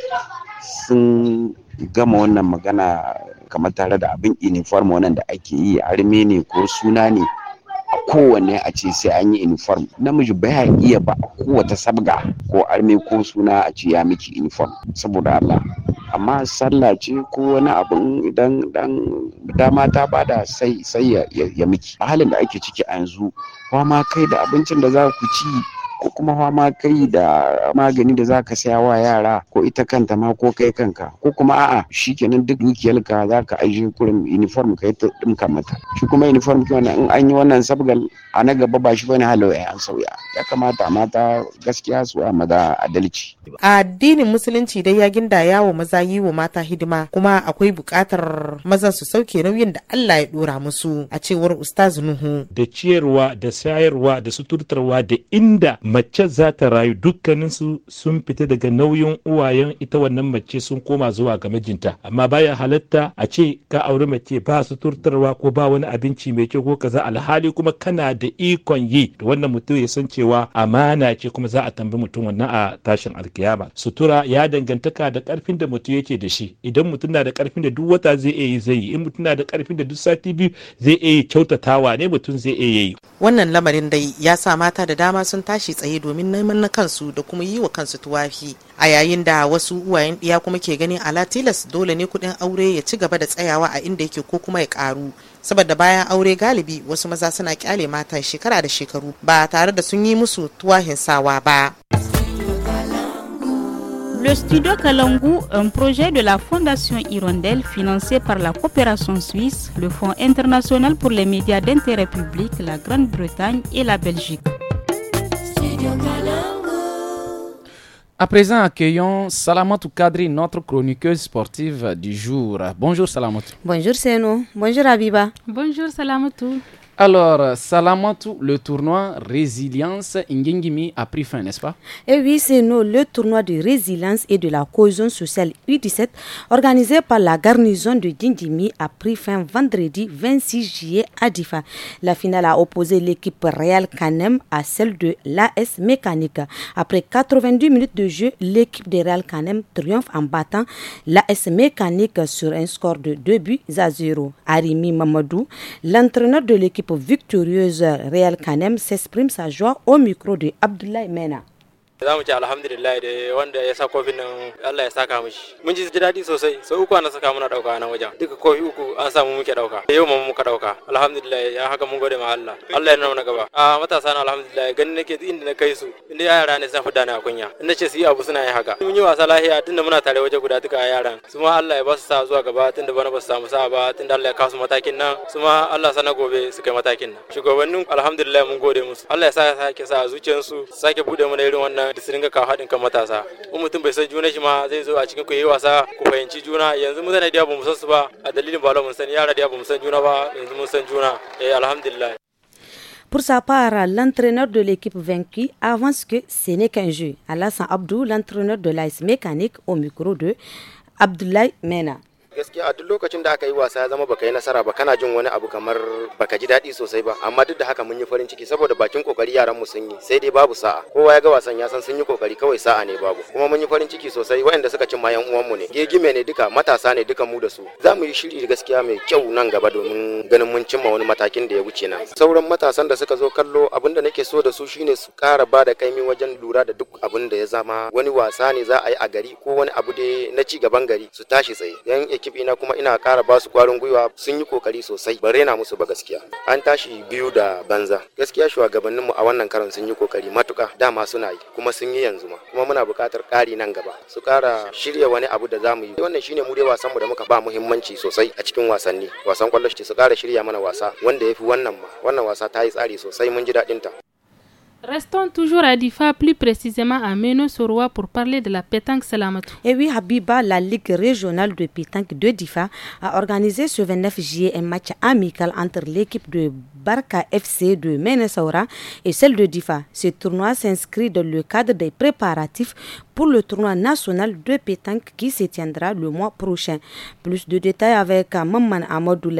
sun gama wannan magana kamar tare da abin uniform wannan da ake yi arme ne ko suna ne Kowane a ce sai an yi uniform namiji baya iya ba a kowata sabga ko arme ko suna a ce ya miki uniform saboda Allah amma sallah ce ko wani abin idan dan dama ta bada sai sai ya, miki a halin da ake ciki a yanzu kwa ma kai da abincin da za ku ci ko kuma fama kai da magani da zaka saya wa yara ko ita kanta ma ko kai kanka ko kuma a'a shikenan duk dukiyarka zaka aje kurin uniform kai ta dinka mata shi kuma uniform wannan in an yi wannan sabgal a na gaba ba shi bane halawa an sauya ya kamata mata gaskiya su a maza adalci addinin musulunci dai ya ginda yawo maza yi wa mata hidima kuma akwai bukatar mazan su sauke nauyin da Allah ya ɗora musu a cewar ustaz Nuhu da ciyarwa da sayarwa da suturtarwa da inda mace za ta rayu dukkaninsu sun fita daga nauyin uwayen ita wannan mace sun koma zuwa ga mijinta amma baya halatta a ce ka auri mace ba su turtarwa ko ba wani abinci mai kyau ko kaza alhali kuma kana da ikon yi da wannan mutum ya san cewa amana ce kuma za a tambi mutum wannan a tashin alkiyama sutura ya dangantaka da karfin da mutum yake da shi idan mutum na da karfin da duk wata zai iya yi zai yi in mutum na da karfin da duk sati biyu zai iya kyautatawa ne mutum zai iya yi wannan lamarin dai ya sa mata da dama sun tashi tsaye domin neman na kansu da kuma yi wa kansu tuwafi a yayin da wasu uwayen ɗiya kuma ke ganin ala tilas dole ne kuɗin aure ya ci gaba da tsayawa a inda yake ko kuma ya karu saboda bayan aure galibi wasu maza suna kyale mata shekara da shekaru ba tare da sun yi musu tuwahin sawa ba. Le studio Kalangu, un projet de la Fondation Hirondelle financé par la coopération suisse, le Fonds international pour les médias d'intérêt public, la Grande-Bretagne et la Belgique. A présent, accueillons Salamatou Kadri, notre chroniqueuse sportive du jour. Bonjour Salamatou. Bonjour Seno. Bonjour Abiba. Bonjour Salamatou. Alors, Salamatu, le tournoi Résilience Ngengimi a pris fin, n'est-ce pas Eh oui, c'est nous, le tournoi de résilience et de la cohésion sociale U17, organisé par la garnison de Ngengimi, a pris fin vendredi 26 juillet à Difa. La finale a opposé l'équipe Real Canem à celle de l'AS Mécanique. Après 92 minutes de jeu, l'équipe de Real Canem triomphe en battant l'AS Mécanique sur un score de 2 buts à 0. Arimi Mamadou, l'entraîneur de l'équipe victorieuse Real Canem s'exprime sa joie au micro de Abdoulaye Mena. za mu ci alhamdulillah da wanda ya sa kofin nan Allah ya saka mishi mun ji daɗi sosai sau uku ana saka muna dauka nan wajen duka kofi uku an samu muke ɗauka yau ma muka dauka alhamdulillah ya haka mun gode ma Allah Allah ya nuna gaba a matasa na alhamdulillah ganin nake inda na kai su inda yara ne sun fida ni a kunya inda ce su yi abu suna yi haka mun yi wasa lahiya tunda muna tare waje guda duka yaran su ma Allah ya ba su sa zuwa gaba tunda bana ba su samu sa ba tunda Allah ya kasu matakin nan su ma Allah sana gobe su kai matakin nan shugabannin alhamdulillah mun gode musu Allah ya sa ya sake sa zuciyarsu sake bude mana irin wannan da su dinga kawo haɗin kan matasa in mutum bai san juna shi ma zai zo a cikin ku yi wasa ku fahimci juna yanzu mutane da ba mu san su ba a dalilin ba mun san yara da ba mu san juna ba yanzu mun san juna eh alhamdulillah Pour sa part, l'entraîneur de l'équipe vaincue avance que ce n'est qu'un jeu. Alassane Abdou, l'entraîneur de l'Ice Mécanique, au micro de Abdoulaye Mena. gaskiya a duk lokacin da aka yi wasa ya zama baka yi nasara ba kana jin wani abu kamar baka ji daɗi sosai ba amma duk da haka mun yi farin ciki saboda bakin kokari yaran mu sun yi sai dai babu sa'a kowa ya ga wasan ya san sun yi kokari kawai sa'a ne babu kuma mun yi farin ciki sosai waɗanda suka cin mayan uwan mu ne gegime ne duka matasa ne duka mu da su za mu yi shiri gaskiya mai kyau nan gaba domin ganin mun cimma wani matakin da ya wuce na sauran matasan da suka zo kallo abin da nake so da su shine su kara bada da kaimi wajen lura da duk abin da ya zama wani wasa ne za a yi a gari ko wani abu da na ci gaban gari su tashi tsaye yan ekip ina kuma ina kara basu su ƙwarin gwiwa sun yi kokari sosai ba rena musu ba gaskiya an tashi biyu da banza gaskiya shugabanninmu a wannan karon sun yi kokari matuka dama suna yi kuma sun yi yanzu ma kuma muna buƙatar ƙari nan gaba su ƙara shirya wani abu da zamu yi wannan shine mu dai wasan mu da muka ba muhimmanci sosai a cikin wasanni wasan kwallo su ƙara shirya mana wasa wanda yafi wannan ma wannan wasa ta yi tsari sosai mun ji daɗin ta Restons toujours à Difa, plus précisément à Menosoroa pour parler de la pétanque Salamatou. Et oui, Habiba, la Ligue régionale de pétanque de Difa a organisé ce 29 juillet un match amical entre l'équipe de Barca FC de Menosoroa et celle de Difa. Ce tournoi s'inscrit dans le cadre des préparatifs pour le tournoi national de pétanque qui se tiendra le mois prochain. Plus de détails avec Maman Amadou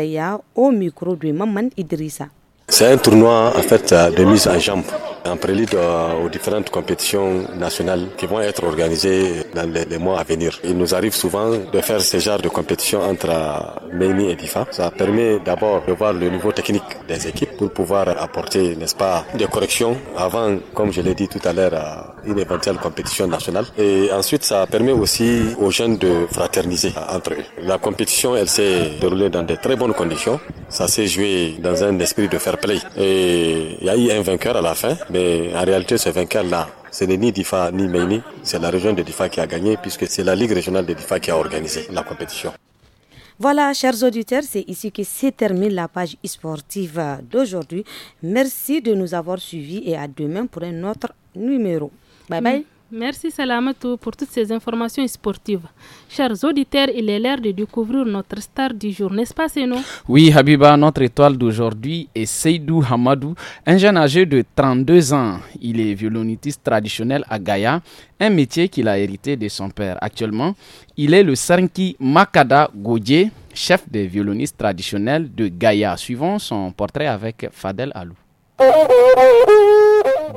au micro de Maman Idrissa. C'est un tournoi en fait de mise en jambe en prélude euh, aux différentes compétitions nationales qui vont être organisées dans les, mois à venir. Il nous arrive souvent de faire ce genre de compétition entre euh, Meini et Difa. Ça permet d'abord de voir le niveau technique des équipes pour pouvoir apporter, n'est-ce pas, des corrections avant, comme je l'ai dit tout à l'heure, euh, une éventuelle compétition nationale. Et ensuite, ça permet aussi aux jeunes de fraterniser entre eux. La compétition, elle s'est déroulée dans de très bonnes conditions. Ça s'est joué dans un esprit de faire et il y a eu un vainqueur à la fin, mais en réalité, ce vainqueur-là, ce n'est ni Difa ni Meini, c'est la région de Difa qui a gagné, puisque c'est la Ligue régionale de Difa qui a organisé la compétition. Voilà, chers auditeurs, c'est ici que se termine la page sportive d'aujourd'hui. Merci de nous avoir suivis et à demain pour un autre numéro. Bye bye. Merci Salamatou pour toutes ces informations sportives. Chers auditeurs, il est l'heure de découvrir notre star du jour, n'est-ce pas Seno Oui Habiba, notre étoile d'aujourd'hui est Seydou Hamadou, un jeune âgé de 32 ans. Il est violoniste traditionnel à Gaïa, un métier qu'il a hérité de son père. Actuellement, il est le Sanki Makada Godje, chef des violonistes traditionnels de Gaïa. Suivons son portrait avec Fadel Alou.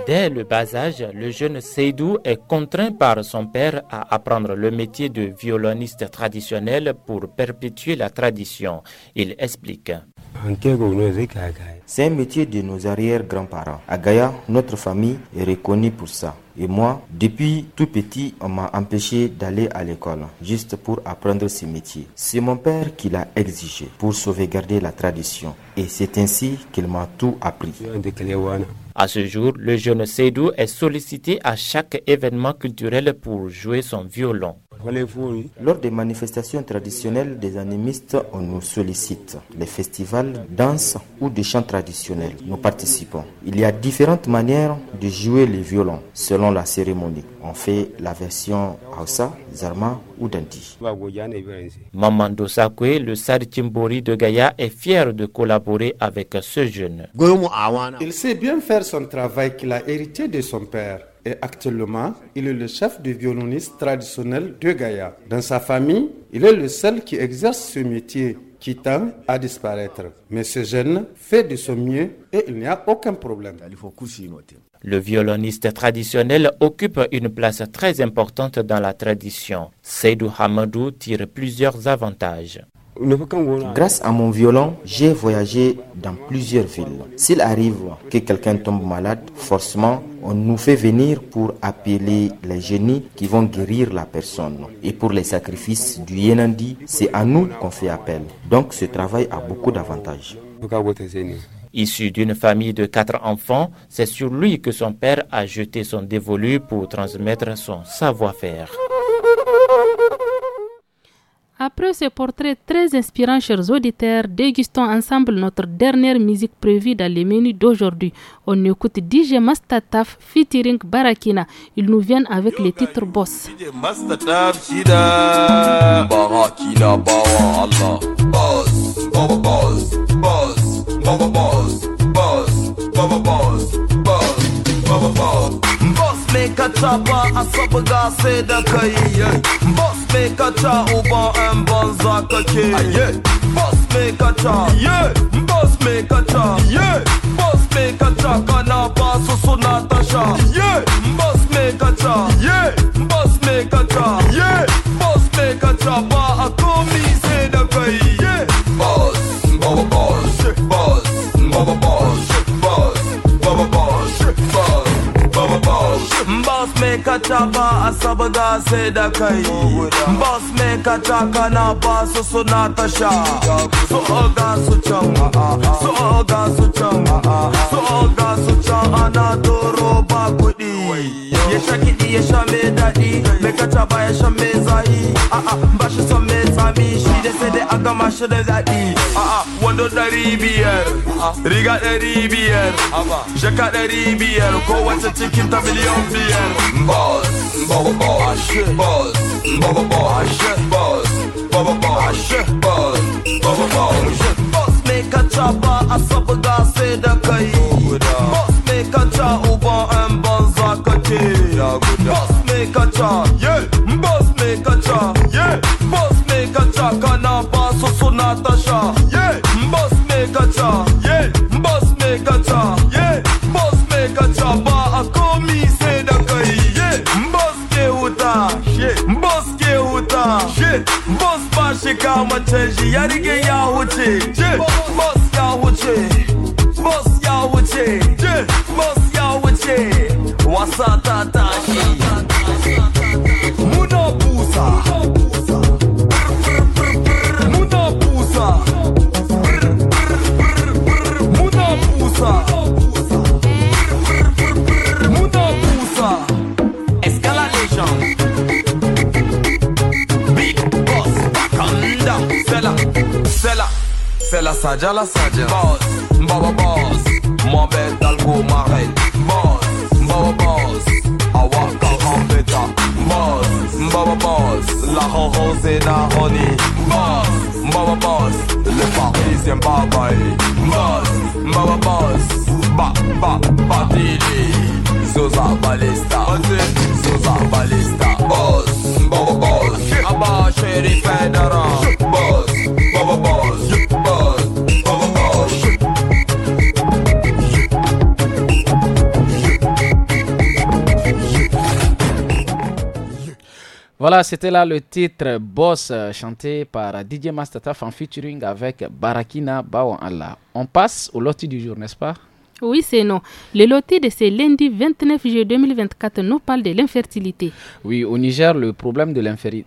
Dès le bas âge, le jeune Seydou est contraint par son père à apprendre le métier de violoniste traditionnel pour perpétuer la tradition. Il explique. C'est un métier de nos arrière-grands-parents. À Gaïa, notre famille est reconnue pour ça. Et moi, depuis tout petit, on m'a empêché d'aller à l'école, juste pour apprendre ce métier. C'est mon père qui l'a exigé pour sauvegarder la tradition. Et c'est ainsi qu'il m'a tout appris. À ce jour, le jeune Seydou est sollicité à chaque événement culturel pour jouer son violon. Lors des manifestations traditionnelles des animistes, on nous sollicite. Les festivals, danse ou des chants traditionnels, nous participons. Il y a différentes manières de jouer le violon selon la cérémonie. On fait la version Hausa, Zarma ou DENDI. Maman Dosakwe, le Sar Timbori de Gaïa, est fier de collaborer avec ce jeune. Il sait bien faire son travail qu'il a hérité de son père. Et actuellement, il est le chef du violoniste traditionnel de Gaïa. Dans sa famille, il est le seul qui exerce ce métier qui tend à disparaître. Mais ce jeune fait de son mieux et il n'y a aucun problème. Le violoniste traditionnel occupe une place très importante dans la tradition. Seydou Hamadou tire plusieurs avantages. Grâce à mon violon, j'ai voyagé dans plusieurs villes. S'il arrive que quelqu'un tombe malade, forcément, on nous fait venir pour appeler les génies qui vont guérir la personne. Et pour les sacrifices du Yenandi, c'est à nous qu'on fait appel. Donc ce travail a beaucoup d'avantages. Issu d'une famille de quatre enfants, c'est sur lui que son père a jeté son dévolu pour transmettre son savoir-faire. Après ce portrait très inspirant, chers auditeurs, dégustons ensemble notre dernière musique prévue dans les menus d'aujourd'hui. On écoute DJ Mastataf featuring Barakina. Ils nous viennent avec les titres boss. DJ Mastataf Barakina Boss Bossmaker chapa asabaga sai da kai Bossmaker cha uban yan banza kake a cha Bossmaker cha Bossmaker cha kana basu suna yeah. Boss make a chop, yeah Boss make a chop, a pass komi sai da yeah Boss, Baba Boss, Boss, Baba Boss, Boss, Baba Boss, Boss Boss maker chapa asabaga sedakai Boss maker chaka na basu a sha So oga su chang So oga su chang So oga na chang ana doro ba kudi Ya shakidi ya shame Trabalha, chamei aí, ah ah, baixa sua mesa, me Shida, cede, a gama, shida, daí, ah ah, wando dari biyar, riga dari biyar, shaka dari biyar, kowace cikin ta miliyan biyar. Boss, bobo boss, boss, bobo boss, boss, bobo boss, boss, bobo boss. Boss me ka chaba, asabu ga sai da kai. Boss me ka cha uban 'yan banza kake make a chop, yeah. Boss make a chop, yeah. Boss make a chop, kana pass so Natasha, yeah. Boss make a chop, yeah. Boss make a chop, yeah. Boss make a chop, ba ako mi se da kai, yeah. Boss ke uta, yeah. Boss ke uta, yeah. Boss ba shi kama change, ya rige ya huce, yeah. Boss ya huce, boss ya huce, yeah. Boss ya huce, wasa ta tashi. la sadia, la sadia. Boss, mbaba boss, bête ma Boss, mbaba boss, en bêta, Boss, mbaba boss, la ho la honey. Boss, mbaba boss, le parisien baba. Boss, baba boss, ba ba ba dili. Balista, Zoza Balista. Voilà, c'était là le titre Boss euh, chanté par DJ Mastataf en featuring avec Barakina Bawanala. On passe au loti du jour, n'est-ce pas oui, c'est non. Le loti de ce lundi 29 juillet 2024 nous parle de l'infertilité. Oui, au Niger, le problème de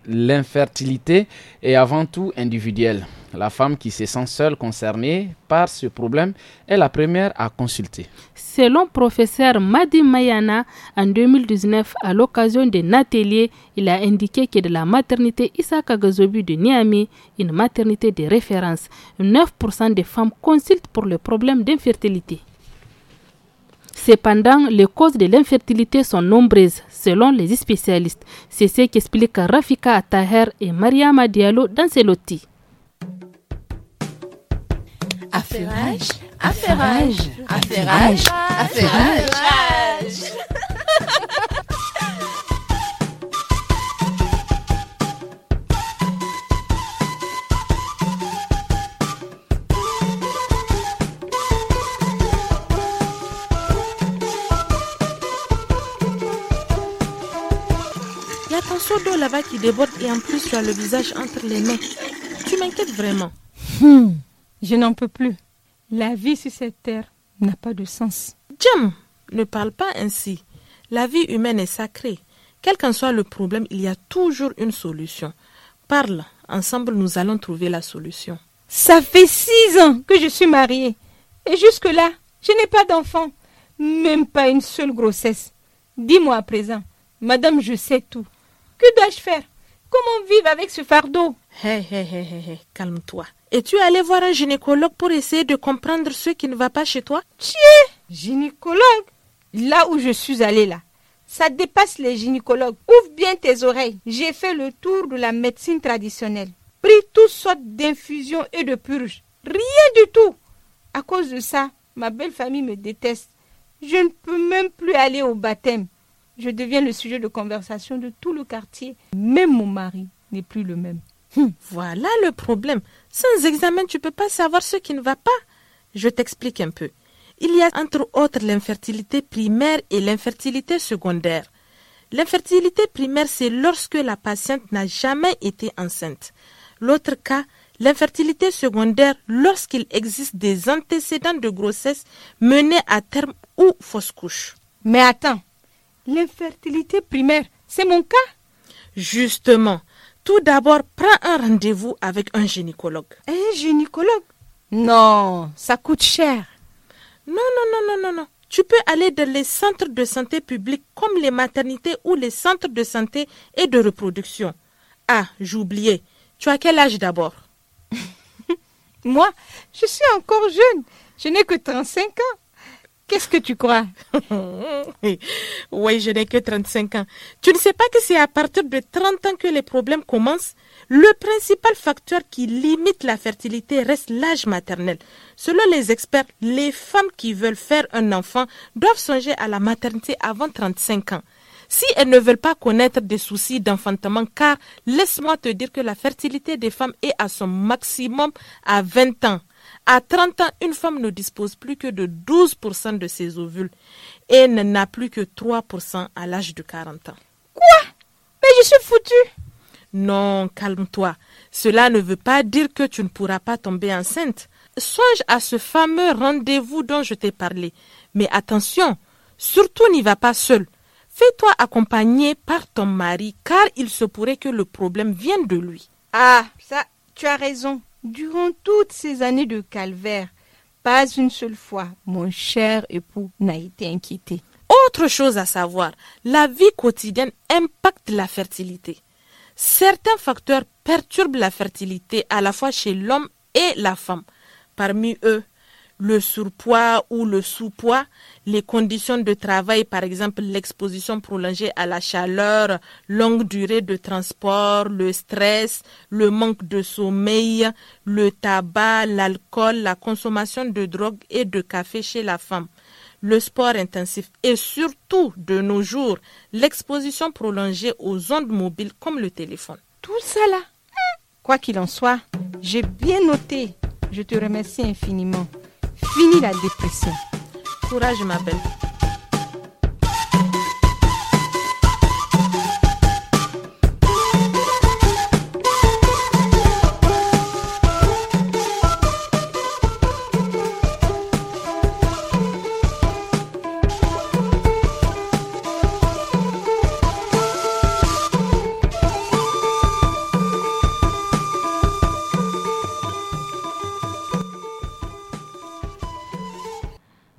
l'infertilité est avant tout individuel. La femme qui se sent seule concernée par ce problème est la première à consulter. Selon professeur Madi Mayana, en 2019, à l'occasion d'un atelier, il a indiqué que de la maternité Isaka Gazobu de Niami, une maternité de référence, 9% des femmes consultent pour le problème d'infertilité. Cependant, les causes de l'infertilité sont nombreuses, selon les spécialistes. C'est ce qu'expliquent Rafika Ataher et Mariama Diallo dans ces lotis. Affairage, affairage, affairage, affairage. Il y a ton seau d'eau là-bas qui déborde et en plus tu as le visage entre les mains. Tu m'inquiètes vraiment. Hmm. Je n'en peux plus. La vie sur cette terre n'a pas de sens. Jam, ne parle pas ainsi. La vie humaine est sacrée. Quel qu'en soit le problème, il y a toujours une solution. Parle, ensemble nous allons trouver la solution. Ça fait six ans que je suis mariée. Et jusque-là, je n'ai pas d'enfant. Même pas une seule grossesse. Dis-moi à présent, madame, je sais tout. Que dois-je faire Comment vivre avec ce fardeau Hé, hé, hé, hé, calme-toi. Es-tu allé voir un gynécologue pour essayer de comprendre ce qui ne va pas chez toi Tiens, gynécologue Là où je suis allée là, ça dépasse les gynécologues. Ouvre bien tes oreilles. J'ai fait le tour de la médecine traditionnelle. Pris toutes sortes d'infusions et de purges. Rien du tout. À cause de ça, ma belle famille me déteste. Je ne peux même plus aller au baptême. Je deviens le sujet de conversation de tout le quartier. Même mon mari n'est plus le même. Hmm, voilà le problème. Sans examen, tu peux pas savoir ce qui ne va pas. Je t'explique un peu. Il y a entre autres l'infertilité primaire et l'infertilité secondaire. L'infertilité primaire, c'est lorsque la patiente n'a jamais été enceinte. L'autre cas, l'infertilité secondaire, lorsqu'il existe des antécédents de grossesse menés à terme ou fausse couche. Mais attends, l'infertilité primaire, c'est mon cas Justement, tout d'abord, prends un rendez-vous avec un gynécologue. Un gynécologue Non, ça coûte cher. Non, non, non, non, non, non. Tu peux aller dans les centres de santé publics comme les maternités ou les centres de santé et de reproduction. Ah, j'oubliais. Tu as quel âge d'abord Moi, je suis encore jeune. Je n'ai que 35 ans. Qu'est-ce que tu crois Oui, je n'ai que 35 ans. Tu ne sais pas que c'est à partir de 30 ans que les problèmes commencent Le principal facteur qui limite la fertilité reste l'âge maternel. Selon les experts, les femmes qui veulent faire un enfant doivent songer à la maternité avant 35 ans si elles ne veulent pas connaître des soucis d'enfantement, car laisse-moi te dire que la fertilité des femmes est à son maximum à 20 ans. À 30 ans, une femme ne dispose plus que de 12% de ses ovules et n'a plus que 3% à l'âge de 40 ans. Quoi Mais je suis foutue Non, calme-toi. Cela ne veut pas dire que tu ne pourras pas tomber enceinte. Songe à ce fameux rendez-vous dont je t'ai parlé. Mais attention, surtout n'y va pas seul. Fais-toi accompagner par ton mari car il se pourrait que le problème vienne de lui. Ah, ça, tu as raison. Durant toutes ces années de calvaire, pas une seule fois, mon cher époux n'a été inquiété. Autre chose à savoir, la vie quotidienne impacte la fertilité. Certains facteurs perturbent la fertilité à la fois chez l'homme et la femme. Parmi eux, le surpoids ou le sous-poids, les conditions de travail, par exemple l'exposition prolongée à la chaleur, longue durée de transport, le stress, le manque de sommeil, le tabac, l'alcool, la consommation de drogue et de café chez la femme le sport intensif et surtout de nos jours, l'exposition prolongée aux ondes mobiles comme le téléphone. Tout cela, hein, quoi qu'il en soit, j'ai bien noté. Je te remercie infiniment. Fini la dépression. Courage, ma belle.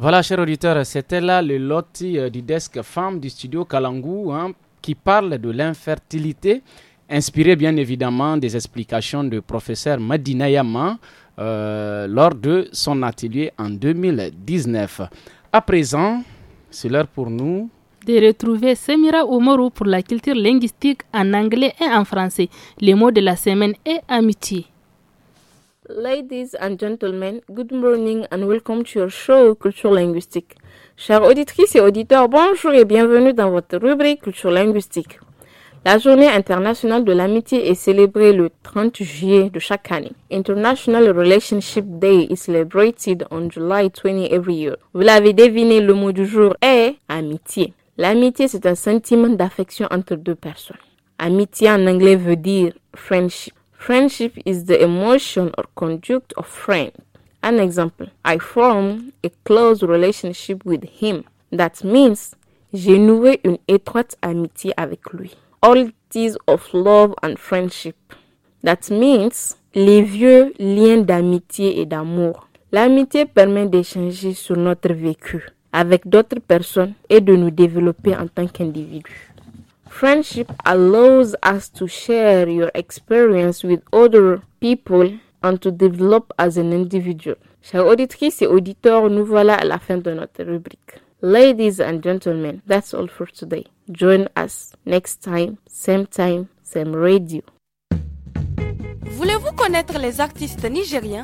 Voilà, chers auditeurs, c'était là le loti euh, du desk femme du studio Kalangu hein, qui parle de l'infertilité, inspiré bien évidemment des explications du professeur Madinayama euh, lors de son atelier en 2019. À présent, c'est l'heure pour nous de retrouver Semira Omoru pour la culture linguistique en anglais et en français. Les mots de la semaine est amitié. Ladies and gentlemen, good morning and welcome to your show Culture Linguistique. Chères auditrices et auditeurs, bonjour et bienvenue dans votre rubrique Culture Linguistique. La journée internationale de l'amitié est célébrée le 30 juillet de chaque année. International Relationship Day is celebrated on July 20 every year. Vous l'avez deviné, le mot du jour est amitié. L'amitié, c'est un sentiment d'affection entre deux personnes. Amitié en anglais veut dire friendship. Friendship is the emotion or conduct of friend. An example, I form a close relationship with him. That means j'ai noué une étroite amitié avec lui. All these of love and friendship. That means les vieux liens d'amitié et d'amour. L'amitié permet d'échanger sur notre vécu avec d'autres personnes et de nous développer en tant qu'individus. Friendship allows us to share your experience with other people and to develop as an individual. Chers auditrices et auditeurs, nous voilà à la fin de notre rubrique. Ladies and gentlemen, that's all for today. Join us next time, same time, same radio. Voulez-vous connaître les artistes nigériens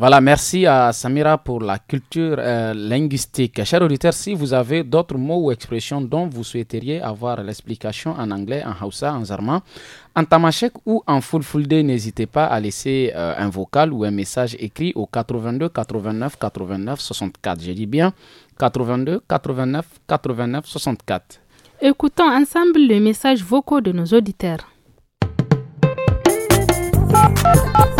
Voilà, merci à Samira pour la culture euh, linguistique. Chers auditeurs, si vous avez d'autres mots ou expressions dont vous souhaiteriez avoir l'explication en anglais, en hausa, en zarma, en tamashek ou en fulfulde, n'hésitez pas à laisser euh, un vocal ou un message écrit au 82 89 89 64. Je dis bien 82 89 89 64. Écoutons ensemble le message vocaux de nos auditeurs.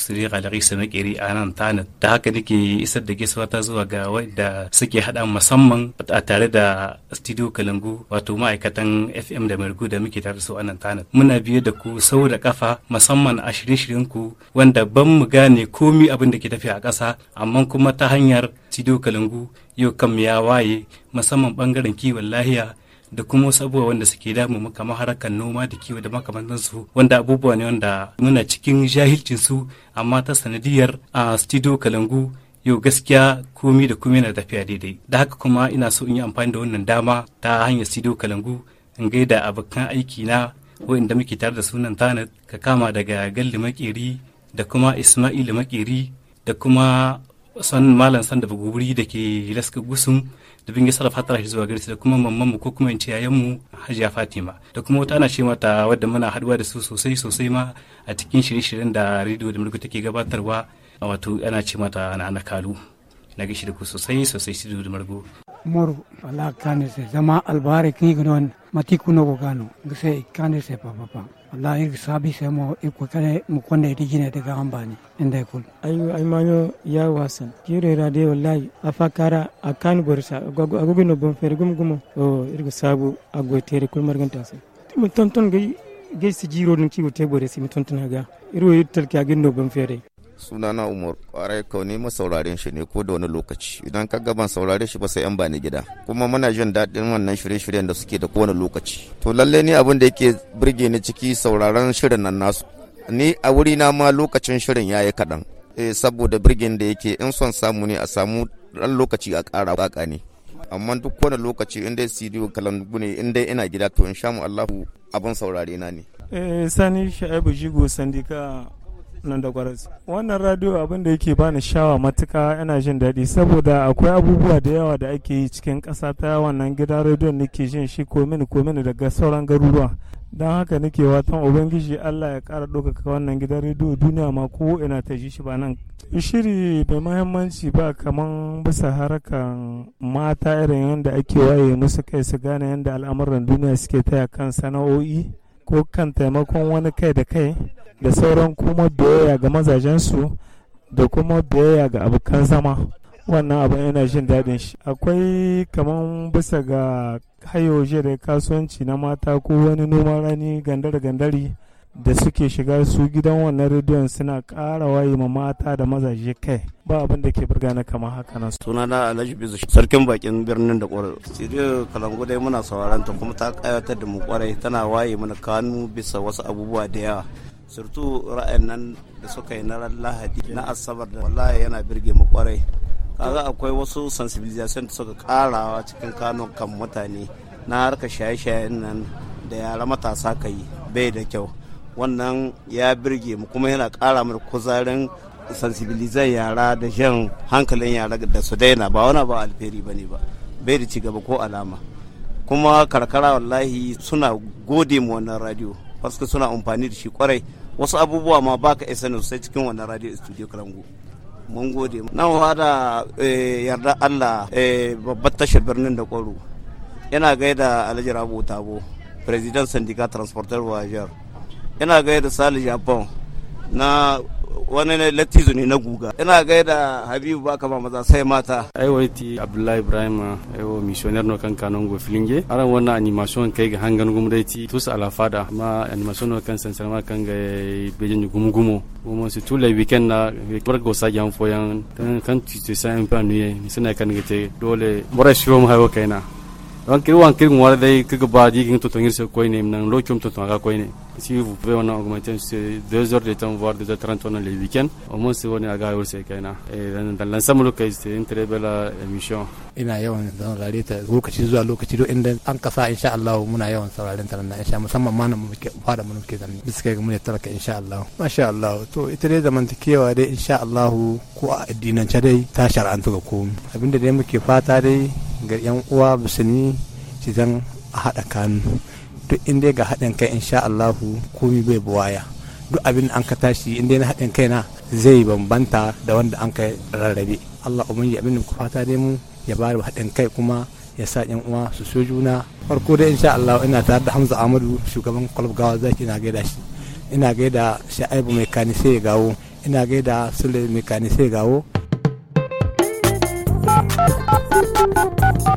Sirira Larisa Makeri a nan Tanit. Da haka nake isar da gaisuwa ta zuwa ga wadda suke haɗa musamman a tare da Studio Kalangu wato ma'aikatan FM da Margu da muke tare da su a nan Tanit. Muna biye da ku sau da kafa musamman a shirye-shiryen ku wanda ban mu gane komi abin da ke tafiya a ƙasa amma kuma ta hanyar Studio Kalangu yau kan ya waye musamman bangaren kiwon lahiya da kuma wasu abubuwa wanda suke damu mu maharakan noma da kiwo da makamantan wanda abubuwa ne wanda muna cikin jahilcin su amma ta sanadiyar a studio kalangu yau gaskiya komi da komi na tafiya daidai da haka kuma ina so in yi amfani da wannan dama ta hanyar studio kalangu in gaida abokan aiki na wa'inda muke tare da sunan tana ka kama daga galli makeri da kuma ismail makeri da kuma son malam sanda buguburi da ke laska gusum da bin gisa da fatar shi zuwa gare da kuma mamman mu ko kuma in ce yayan mu Hajiya Fatima da kuma wata ana ce mata wadda muna haduwa da su sosai sosai ma a cikin shirye-shiryen da rediyo da mulki take gabatarwa wato ana ce mata na ana kalu na gishi da ku sosai sosai studio da margo moro Allah kane sai zama albare kin gnon mati kuno gano gse kane se papa wallahi sabi sai mo kare mu konde digine daga ambani inda kul ayu manyo ya wasan kire radio wallahi afakara akan borsa agogo no bon fer gum gum o irgo sabu agotere kul marganta sai mun tonton gai gai si jiro dun ci wote bore si mun tonton haga iro yittal ka gindo bon fere sunana umar kwarai kaune masauraren shi ne ko da wani lokaci idan ka gaban saurare shi ba sai yan bani gida kuma muna jin daɗin wannan shirye-shiryen da suke da kowane lokaci to lalle ne abin da yake burge ni ciki sauraren shirin nan nasu ni a wuri na ma lokacin shirin ya yi kaɗan eh, saboda birgin da yake in son samu ne a samu ɗan lokaci a ƙara waƙa ne amma duk wani lokaci in dai studio kalangu ne in dai ina gida to in sha mu Allahu abin saurare na ne. Eh, Sani Sha'ibu Jigo Sandika nan da wannan radio abin da yake bani shawa matuka yana jin daɗi saboda akwai abubuwa da yawa da ake yi cikin ƙasa ta wannan gidan radio nake jin shi komini komini daga sauran garuruwa don haka nake watan ubangiji allah ya kara ɗaukaka wannan gidan rediyo duniya ma ko ina ta ji shi ba nan shiri mai mahimmanci ba kaman bisa harakan mata irin yadda ake waye musu kai su gane yadda al'amuran duniya suke taya kan sana'o'i ko kan taimakon wani kai da kai da sauran kuma biyayya ga mazajensu da kuma biyayya ga abokan zama wannan abu yana jin daɗin shi akwai kamar bisa ga hayoje da kasuwanci na mata ko wani noman rani gandare-gandare da suke shiga su gidan wannan rediyon suna ƙara waye ma mata da mazaje kai ba abin da ke burga na kamar haka nan suna na alhaji bizu sarkin bakin birnin da kwarar studio kalangu dai muna sauraron ta kuma ta ƙayatar da mu kwarai tana waye mana kanu bisa wasu abubuwa da yawa surtu ra'ayin nan da suka yi na lahadi na asabar da wallahi yana birge mu kwarai kaga akwai wasu sensibilization da suka karawa cikin kanun kan mutane na harka shaye-shayen nan da yara matasa ka yi bai da kyau wannan ya birge mu kuma yana kara mu kuzarin sensibilizan yara da jan hankalin yara da su daina ba wani ba alferi ba ne ba bai da cigaba ko alama kuma karkara wallahi suna gode mu wannan radio paske suna amfani da shi kwarai wasu abubuwa ma baka isa ne sai cikin wannan radio studio karangu mun gode nan fara eh, yarda Allah eh, babbar tashar birnin da kwaro yana gaida Alhaji Rabu Tabo president sandika transporteur wajar yana gaida Sali Japan na wani lattizo ne na guga ina gaida habibu ba kama maza sai mata aiwa ti abdullahi ibrahim aiwa missionnaire no kan kanon go filinge aran wannan animation kai ga hangan gumdaiti tus ala fada ma animation no kan sansan ma kan ga bejin gumgumo kuma su tula weekend na bar go sa yan foyan kan kan ti sai an pa nuye ni sana kan te dole bora shiwo mu hawo kaina donc kiri wan kiri ngwar dai kiri ba di ging tutungir se koi ne lo chum tutung aga koi ne si vous pouvez on a augmenté c'est 2 heures de temps voire 2 heures 30 on les week au moins si on aga yor kaina et dans l'ensemble que c'est une très belle euh, émission ina yawan saurare ta lokaci zuwa lokaci do inda an kasa insha Allah muna yawan sauraren ta nan insha musamman ma nan muke fara mun muke zanni biska ga mun taraka insha Allah masha Allah to ita dai zamantakewa dai insha Allah ko a addinance dai ta shar'anta ga komai abinda dai muke fata dai ga 'yan uwa musulmi su zan haɗa kanu duk inda ga haɗin kai insha Allahu komi bai buwaya duk abin da an ka tashi inda na haɗin kai na zai bambanta da wanda an kai rarrabe Allah ubangi abin da ku fata dai mu ya ba da haɗin kai kuma ya sa yan uwa su so juna farko dai insha allahu ina tare da Hamza Ahmadu shugaban kwalb gawa zaki na gaida shi ina gaida sha'aibu mai kani sai gawo ina gaida Sule mai kani sai gawo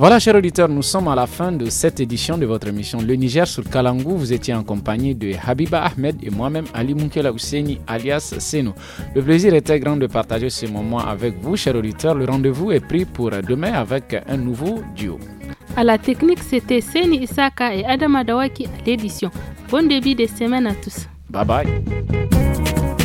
Voilà, chers auditeurs, nous sommes à la fin de cette édition de votre émission Le Niger sur Kalangou. Vous étiez en compagnie de Habiba Ahmed et moi-même Ali Munkela Ouseni alias Seno. Le plaisir était grand de partager ce moment avec vous, chers auditeurs. Le rendez-vous est pris pour demain avec un nouveau duo. À la technique, c'était Seni Isaka et Adama Dawaki à l'édition. Bon début de semaine à tous. Bye bye.